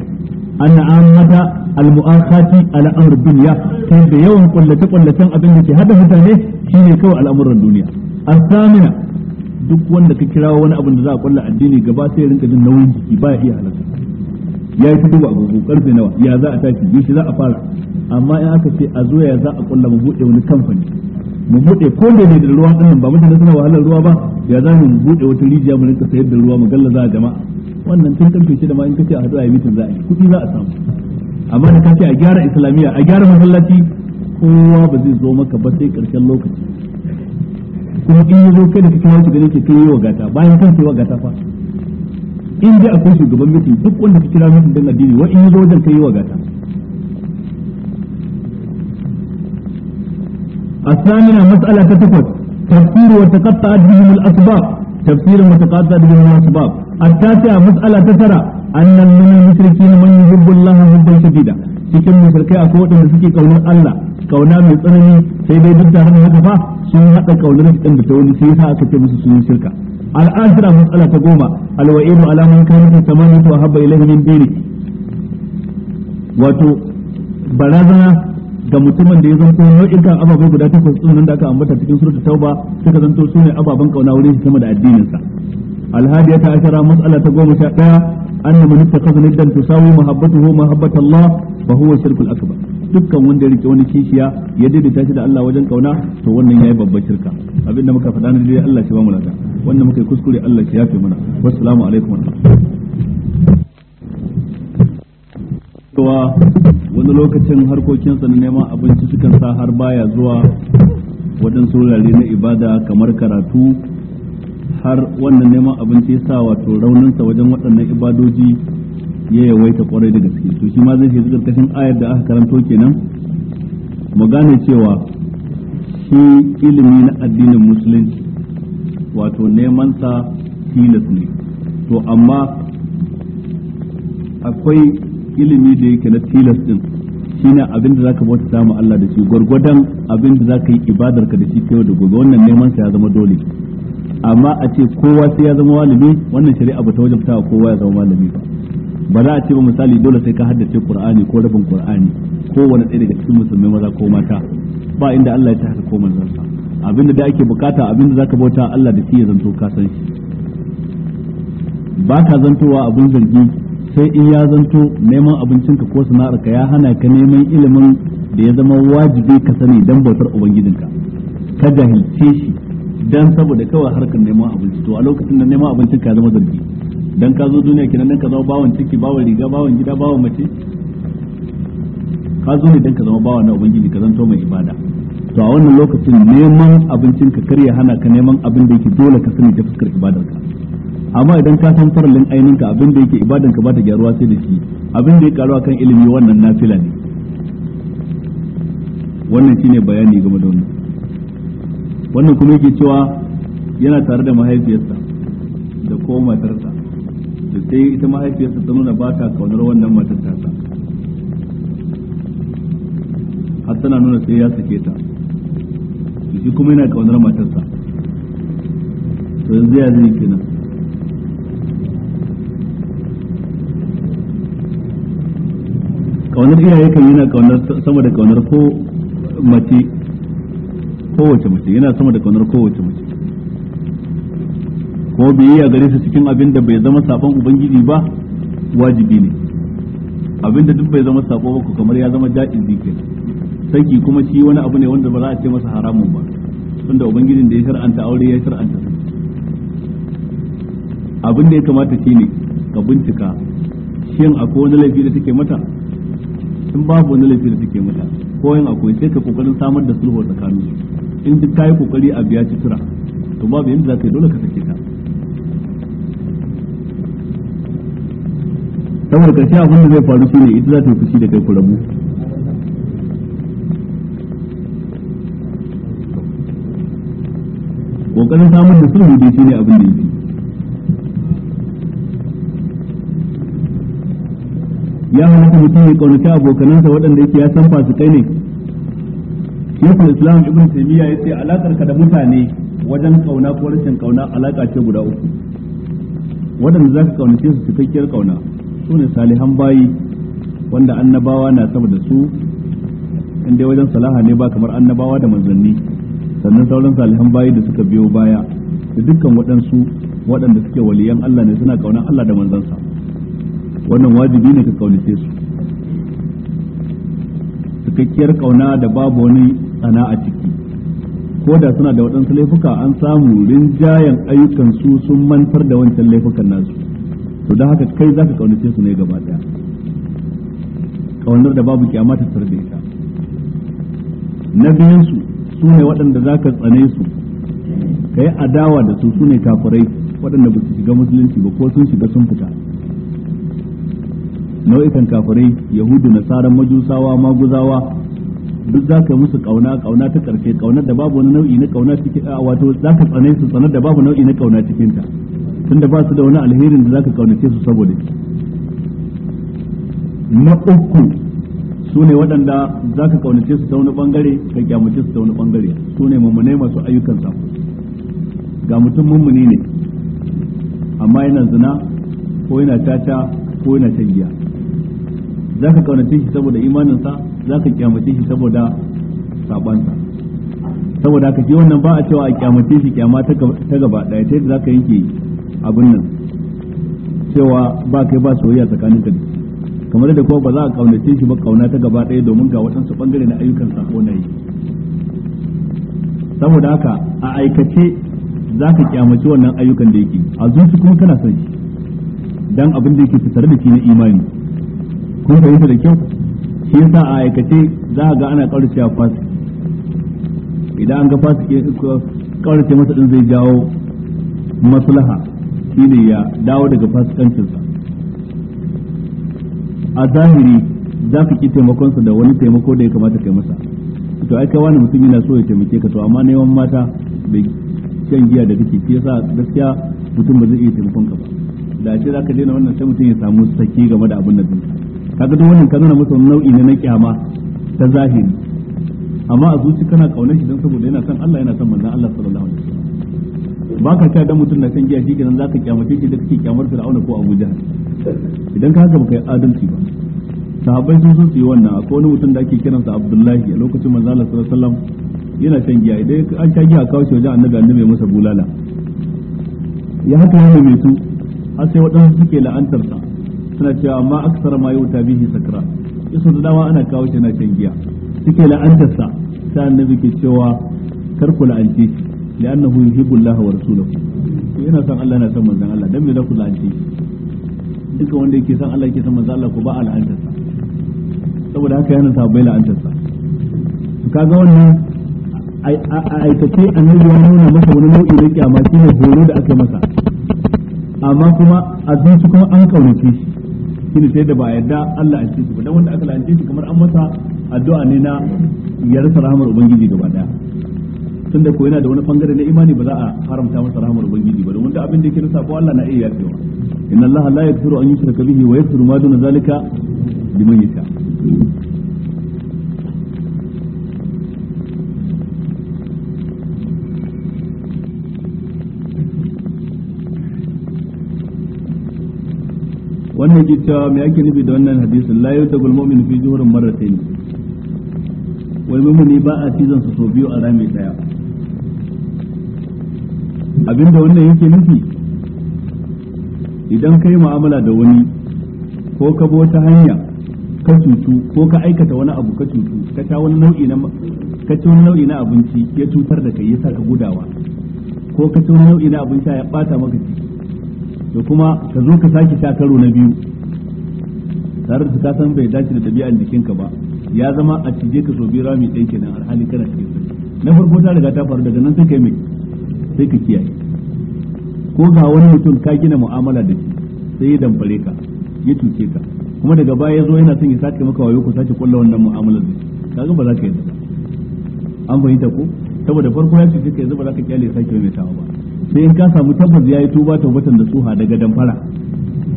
Speaker 2: anna ammata al-mu'akhati ala amr dunya sai da yawan kullace kullacen abin da ke hada mutane shine kawai al'amuran duniya asamina duk wanda ka kira wani abin da za a kulla addini gaba sai rinka jin nauyin jiki ba ya iya halaka ya yi duba agogo karfe nawa ya za a tashi yaushe za a fara amma in aka ce a zo ya za a kulla mu bude wani kamfani mu bude ko da ne da ruwa din ba mutane suna wahalar ruwa ba ya za mu bude wata rijiya mu rinka sayar da ruwa mu gallaza a jama'a wannan tun karfe shida ma in kace a hadu a yi mitin za a yi kuɗi za a samu amma da kace a gyara islamiyya a gyara masallaci kowa ba zai zo maka ba sai karshen lokaci kuma in yi zo kai da kake wanki gani ke kai yi wa gata bayan kan kai wa gata fa in dai akwai shugaban mitin duk wanda ka kira mitin dan addini wa in yi zo wajen kai yi wa gata A mas'ala ta takwas تفسير وتقطعت بهم الأسباب تفسير وتقطعت بهم الأسباب التاسعة مسألة ترى أن من المشركين من يحب الله حبا شديدا cikin musulkai akwai waɗanda suke kaunar Allah kauna mai tsanani sai dai duk da haka haka fa sun haɗa kaunar su da ta wani sai yasa aka ce musu sun shirka al'asira mas'ala ta goma alwa'idu alamun man kana fi samani wa habba ilayhi min dini wato barazana ga mutumin da ya zanto nau'ikan ababai guda takwas din nan da aka ambata cikin suratul tauba suka zanto su ne ababan kauna wurin shi sama da addinin sa الهادية عشرة مسألة قوم شاء أن من اتخذ ندا تساوي محبته محبة الله فهو الشرك الأكبر dukkan wanda ya rike wani kishiya ya daidaita shi da Allah wajen kauna to wannan yayi babbar shirka abinda muka faɗa na dai Allah shi ba mu lada wannan muka yi kuskure Allah shi yafe mana wassalamu alaikum wa cewa wani lokacin harkokinsa na neman abinci sukan sa har baya zuwa waɗansu wurare na ibada kamar karatu har wannan neman abinci ya sa wato rauninsa wajen waɗannan ibadoji ya yawaita kwarai daga gaske to shi ma zai shiga karkashin ayar da aka karanto kenan mu gane cewa shi ilimi na addinin musulunci wato neman sa tilas ne to amma akwai ilimi da yake na tilas din shine abin da zaka bauta samu Allah da shi gwargwadon abin da zaka yi ibadar ka da shi yau da gobe wannan neman sa ya zama dole amma a ce kowa sai ya zama malami wannan shari'a ba ta fitawa kowa ya zama malami ba ba za a ce ba misali dole sai ka haddace Qur'ani ko rabin Qur'ani ko wani ɗaya daga cikin musulmai maza ko mata ba inda Allah ya ta ko manzon sa abinda da ake bukata abinda zaka bauta Allah da shi ya zanto ka san shi ba ka zantowa abun zargi sai in ya zanto neman abincinka ko sana'arka ya hana ka neman ilimin da ya zama wajibi ka sani dan bautar ubangijinka ka jahilce shi dan saboda kawai harkar neman abinci to a lokacin da neman abincin ka zama zargi dan ka zo duniya kenan dan ka zama bawan ciki bawan riga bawan gida bawan mace ka zo ne dan ka zama bawa na ubangiji ka zanto mai ibada to a wannan lokacin neman abincin ka kar ya hana ka neman abin da yake dole ka sani ta fuskar ibadarka ka amma idan ka san farallin ainihin ka abin da yake ibadan ka ba ta gyaruwa sai da shi abin da ya karu kan ilimi wannan nafila ne wannan shine bayani game da wannan wannan kuma yake cewa yana tare da mahaifiyarsa da ko matarsa da sai ita mahaifiyarsa ta nuna ba ta kaunar wannan matar tasa har tana nuna sai ya sake ta shi kuma yana kaunar matarsa to yanzu ya zai kenan kaunar iyaye kan yana kaunar sama da kaunar ko mace kowace mace yana sama da kaunar kowace mace ko biyayya gare su cikin abin da bai zama sabon ubangiji ba wajibi ne abin da duk bai zama sabo ba kamar ya zama jaɗin kenan saki kuma shi wani abu ne wanda ba za a ce masa haramun ba tunda ubangijin da ya shar'anta aure ya shar'anta abin da ya kamata shine ka bincika shin akwai wani laifi da take mata in babu wani laifi da suke mata ko yin akwai sai ka kokarin samar da sulhu tsakanin su in duk kai kokari a biya sutura to babu yanda zaka yi dole ka sake ta saboda karshe abin da zai faru shine ita za ta yi fushi da kai ku rabu kokarin samar da sulhu dai shine abin da yake ya halatta mutum ya kaunaci abokanansa waɗanda yake ya san fasikai ne shekul islam ibn taymiya ya ce alakar ka da mutane wajen kauna ko rashin kauna alaƙa ce guda uku waɗanda za ka kaunace su cikakkiyar kauna su ne salihan bayi wanda annabawa na sama da su inda wajen salaha ne ba kamar annabawa da manzanni sannan sauran salihan bayi da suka biyo baya da dukkan waɗansu waɗanda suke waliyan Allah ne suna kauna Allah da manzansa wannan wajibi ne ka kaunace su cikakkiyar kauna da babu wani tsana a ciki ko da suna da waɗansu laifuka an samu rinjayen ayyukan su sun mantar da wancan laifukan nasu to don haka kai za ka kaunace su ne gaba ɗaya kaunar da babu kyama ta tarbe ta na biyansu su ne waɗanda za ka tsane su ka yi adawa da su su ne kafirai waɗanda ba su shiga musulunci ba ko sun shiga sun fita nau'ikan kafirai yahudu nasaran majusawa maguzawa duk za ka musu kauna kauna ta karfe kaunar da babu wani nau'i na kauna cikin wato za ka tsane su tsanar da babu nau'i na kauna cikin ta tunda ba su da wani alherin da za ka kaunace su saboda na uku su ne waɗanda za ka kaunace su ta wani bangare ka kyamace su ta wani bangare su ne mummune masu ayyukan sa ga mutum mummuni ne amma yana zina ko yana tata ko yana shan giya za ka kaunace shi saboda imaninsa za ka kyamace shi saboda sabansa saboda haka ke wannan ba a cewa a kyamace shi kyama ta gaba daya ta yadda za ka yanke abin nan cewa ba kai ba soyayya tsakanin ka kamar da kuma ba za a kaunace shi ba kauna ta gaba daya domin ga waɗansu bangare na ayyukan sako na yi saboda haka a aikace za ka kyamace wannan ayyukan da yake a zuci kuma kana son shi dan abin da yake fitar da shi na imani kun fahimta da kyau shi yasa a aikace za a ga ana kaurace a fasik idan an ga ya suka kaurace masa din zai jawo maslaha shine ya dawo daga fasikancinsa a zahiri za ka ki taimakonsa da wani taimako da ya kamata kai masa to ai kai wani mutum yana so ya taimake ka to amma neman mata bai shan giya da kake shi yasa gaskiya mutum ba zai iya taimakon ka ba da ce za ka daina wannan sai mutum ya samu sake game da abin da zai kaga duk wannan ka nuna masa wani nau'i ne na kyama ta zahiri amma a zuci kana kaunar shi don saboda yana son Allah yana son manzon Allah sallallahu alaihi wasallam ba ka ta da mutum na san giya shi kenan zaka kyamace shi da kake kyamar Fir'auna ko Abuja idan ka haka baka yi adalci ba sahabbai sun san su yi wannan ko wani mutum da ake kiransa Abdullahi a lokacin manzon Allah sallallahu alaihi wasallam yana shan giya idan an sha giya kawo shi wajen annabi annabi masa bulala ya haka ne mai su har sai waɗansu suke sa suna cewa ma aksar ma yau ta bihi sakra isa da dama ana kawo shi na shan giya suke la'antarsa ta annabi ke cewa kar ku la'ance shi li'annahu yuhibbullaha wa rasuluhu yana San Allah na san manzon Allah dan me za ku la'ance shi duka wanda yake san Allah yake san manzon Allah ko ba a la'antarsa saboda haka yana bai la'antarsa to kaga wannan a aikace annabi ya nuna masa wani nau'i na kyama shine horo da aka masa amma kuma a zuci kuma an kaunace shi shine sai da ba yadda Allah a ba dan wanda aka lalace shi kamar an masa addu'a ne na ya rasa rahmar ubangiji gaba daya tunda ko yana da wani bangare na imani ba za a haramta masa rahmar ubangiji ba domin da abin da yake rasa ko Allah na iya yafewa inna Allah la yaghfiru an yushraka bihi wa yaghfiru ma duna zalika liman yasha wannan ke cewa me ake nufi da wannan hadisin la yutabul mu'min fi juhurin marratayn wai mu'mini ba a cizon su sau biyu a rami daya abinda wannan yake nufi idan ka yi mu'amala da wani ko ka bi wata hanya ka cutu ko ka aikata wani abu ka cutu ka ta wani nau'i na ka ci wani nau'i na abinci ya cutar da kai ya sa ka gudawa ko ka ci wani nau'i na abinci ya bata maka ciki da kuma ka zo ka sake sha karo na biyu tare da ka san bai dace da ɗabi'an jikinka ba ya zama a cije ka so biyu rami ɗaya kenan alhali kana cikin na farko ta riga ta faru daga nan sai kai mai sai ka kiyaye ko ga wani mutum ka gina mu'amala da shi sai ya damfare ka ya cuce ka kuma daga baya ya zo yana son ya sake maka wayo ko sake kulla wannan mu'amalar da shi kaga ba za ka yarda an fahimta ko saboda farko ya cuce ka yanzu ba za ka kyale ya sake mai tawa ba sai in ka samu tabbas ya yi tuba taubatan da suha daga damfara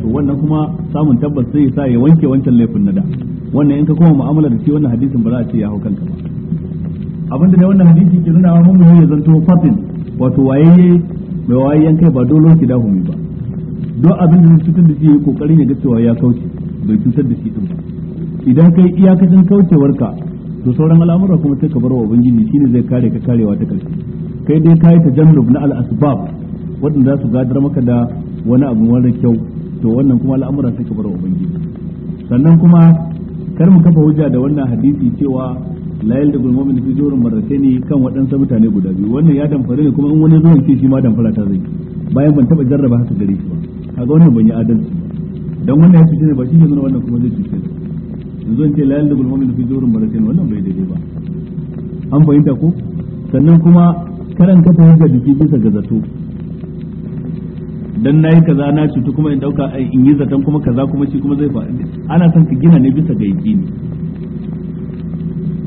Speaker 2: to wannan kuma samun tabbas sai sa ya wanke wancan laifin na da wannan in ka kuma mu'amala da shi wannan hadisin ba za a ce ya hau kanka ba abin da wannan hadisi ke nuna wa mun ya zanto fatin wato wayayye mai wayayyen kai ba dole ki dahu ba duk abin da zai cutar da shi yi kokarin ya ga cewa ya kauce bai cutar da shi din ba idan kai iyakacin kaucewarka to sauran al'amura kuma sai ka bar wa ubangiji shine zai kare ka karewa ta karshe kai dai kai tajannub na al asbab wadanda za su gadar maka da wani abu wanda kyau to wannan kuma sai ka bar ubangiji sannan kuma kar mu kafa hujja da wannan hadisi cewa layal da bil min fi jawrin ne kan waɗansu mutane guda biyu wannan ya damfare ne kuma in wani zuwan ce shi ma damfara ta zai bayan ban taba jarraba haka gare shi ba kaga wannan ban yi adalci dan wannan ya cuce ne ba shi ne wannan kuma zai cuce yanzu in ce layal da bil min fi jawrin ne wannan bai daidai ba an fahimta ko sannan kuma karan kafa hujja jiki bisa ga zato dan nayi kaza na cutu kuma in dauka in yi zaton kuma kaza kuma shi kuma zai fa ana son ka gina ne bisa ga ne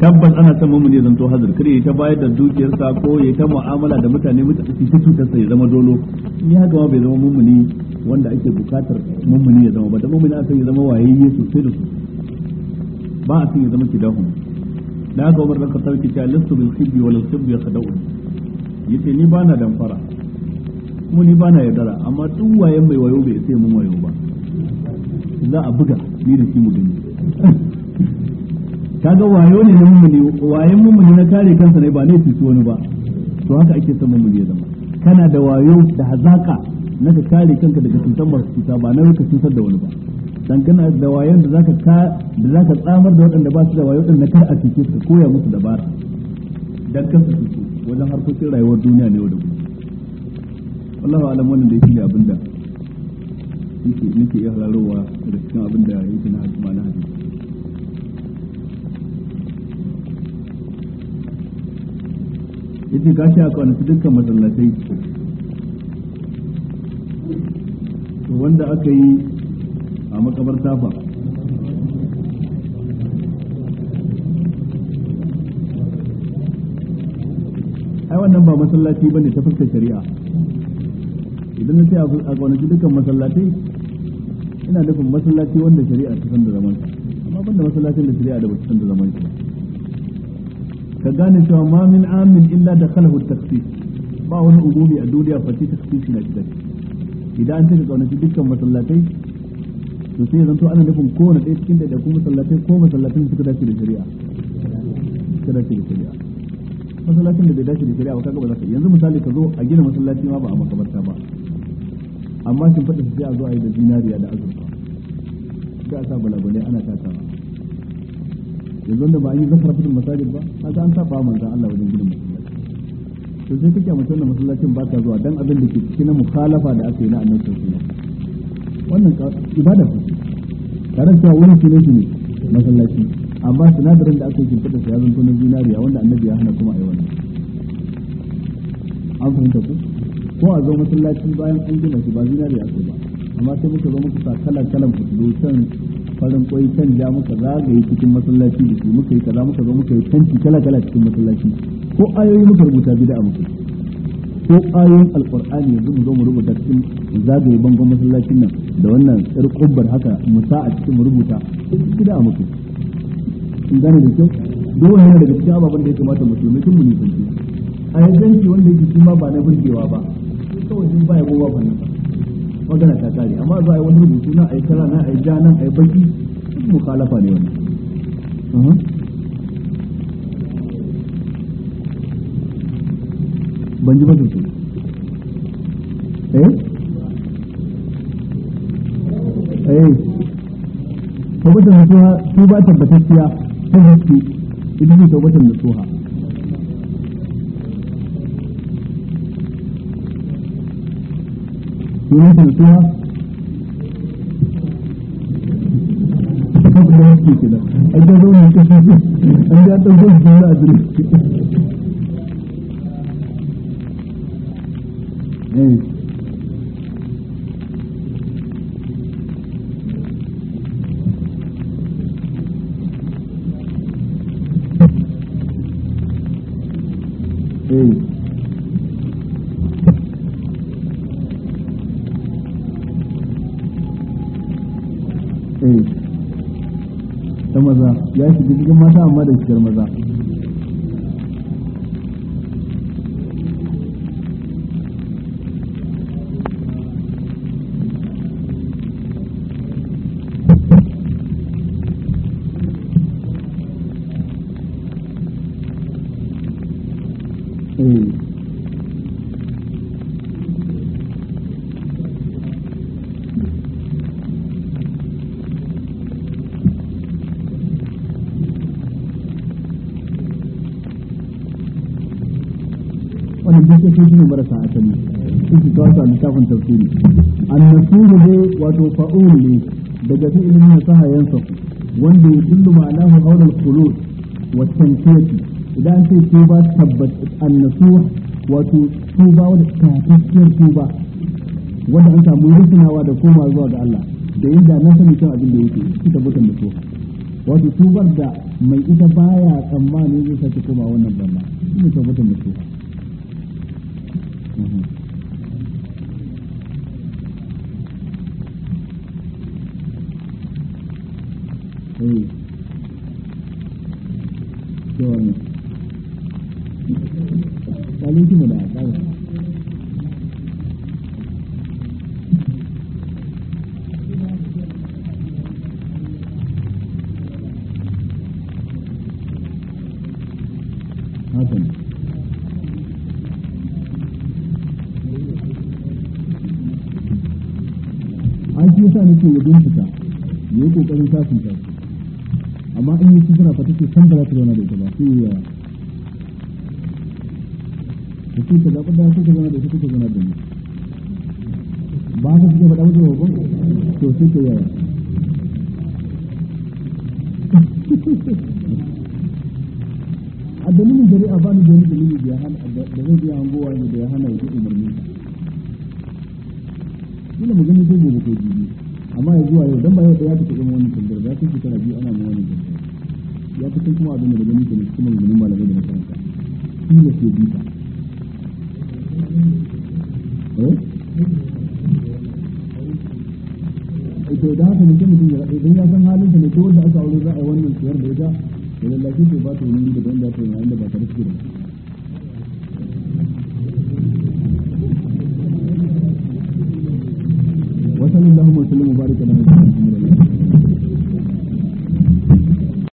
Speaker 2: tabbas ana son mu ne zanto hazar kare ya ta bayar da dukiyar sa ko ya ta mu'amala da mutane ci ci cutar sa ya zama dolo in ya haka ba bai zama mummuni wanda ake bukatar mummuni ya zama ba da mummuni a ya zama wayayye sosai da sosai ba a san ya zama kidahun da ga umar da ka sauke ta lissu bil khibbi wal khibbi ya khada'u yace ni ba na damfara kuma ni ba na yaudara amma duk waye mai wayo bai sai mun wayo ba za a buga ni da shi mu gani kaga wayo ne na mummuni wayen mummuni na kare kansa ne ba ne su wani ba to haka ake son mummuni ya zama kana da wayo da hazaka na ka kare kanka daga cutar masu cuta ba na ka cutar da wani ba dan kana da wayon da zaka ka da zaka tsamar da waɗanda ba su da wayo din na kar a cike su koya musu dabara dan kansu su wajen harkokin rayuwar duniya ne wadda gobe wallahu alam wannan da yake abinda yake nake iya halarowa da cikin abinda yake na hadisi na hadisi yace ka ce a kwanaki dukkan matsalatai wanda aka yi a makabarta tafa ai wannan ba masallaci bane ta fuskar shari'a idan na sai a kwanaki dukkan masallatai ina nufin masallaci wanda shari'a ta san da zaman sa amma banda masallacin da shari'a da ba ta san da zaman ka gane cewa ma min amin illa da khalhu takhsis ba wani ubumi a duniya face takhsis na shiga idan an ce ka kwanaki dukkan masallatai to sai zanto ana nufin kowane ɗaya cikin da ko masallatai ko masallatai suka dace da shari'a suka dace da shari'a masallacin da bai dace da shari'a ba kaga ba za ka yanzu misali ka zo a gina masallaci ma ba a makabarta ba amma kin fada sai a zo a yi da zinariya da azurfa da a sa balabalai ana tatawa yanzu da ba an yi zafar fitin masajid ba ga an saba manzon Allah wajen gina masallaci to sai kake mutum da masallacin ba ka zuwa dan abin da ke cikin mukhalafa da aka yi na annabi sallallahu alaihi wasallam wannan ibada ce karanta wani sunan shi ne masallaci amma sinadarin da aka yi shimfiɗa sai ya zanto na zinariya wanda annabi ya hana kuma a yi wannan
Speaker 1: an fahimta ku ko a zo masallaci bayan an
Speaker 2: gina shi ba zinariya ake ba amma sai muka zo muka sa kalan kalan fitilo can farin kwai can ja muka zagaye cikin masallaci da su muka yi kaza muka zo muka yi tanki kala kala cikin masallaci ko ayoyi muka rubuta bid'a muka ko ayoyin alqur'ani yanzu mu zo mu rubuta cikin zagaye bangon masallacin nan da wannan tsir haka mu sa a cikin mu rubuta bid'a muka in gane da kyau duk wani yana daga cikin ababen da ya kamata musulmi sun muni sun a yanzu wanda yake shi ma ba na burgewa ba kawai sun ba ya gowa ba nan magana ta kare amma za a yi wani rubutu na a yi kara na a yi ja nan a yi baki mukhalafa ne wani mhm. ban ji ba su eh eh ko ba ta mutuwa su ba tabbatacciya ta gaske ita ce taubatar nasuha
Speaker 1: sunan ta nasuha kafin da haske ke nan an ja zaune kashe an ja ɗan zai jira a jirgin eh.
Speaker 2: ta maza ya shiga cikin mata amma da shigar maza wani jirgin sun shi ne marasa asali sun shi kawo a littafin tafsiri
Speaker 1: annasiru ne wato fa'ul ne daga fi ilimin sahayen sa wanda ya kullu ma'alahu haulal khulud wa idan su tuba tabbat annasuwa wato tuba wadda su tuba
Speaker 2: wadda an samu rufunawa da koma zuwa ga Allah da yadda na sani kan abin da yake su tabbatar da su wato tubar da mai ita baya tsammanin zai sake koma wannan banna su
Speaker 1: ne tabbatar da su Thank you. abinci mu da asara Thank you. an shi yasa nake ya bincika ya yi kokarin kafin ta amma in yi suna fata ce kan ba za ta da ita ba sai yawa ku ta zaɓi da kuka zama da su kuka zama da ni ba ka suke faɗa musu hukun to su ke yaya a dalilin shari'a ba ni da wani dalili da zai biya hangowa ne da ya hana ya umarni ina mu gani sai gobe ko jibi amma ya zuwa yau dan ba yau da ya fita irin wannan tambayar ba sai shekara biyu ana ma wani tambayar ya fita kuma abin da gani da kuma ganin malamai da makaranta shi ne ke bita Eh? Eh, to da haka mutum mutum ya raɗe don ya san halin sa ne ko da aka aure za wannan siyar da ita to lallashi ba ta wani da don ta yi da ba ta rike da وصلى اللهم وسلم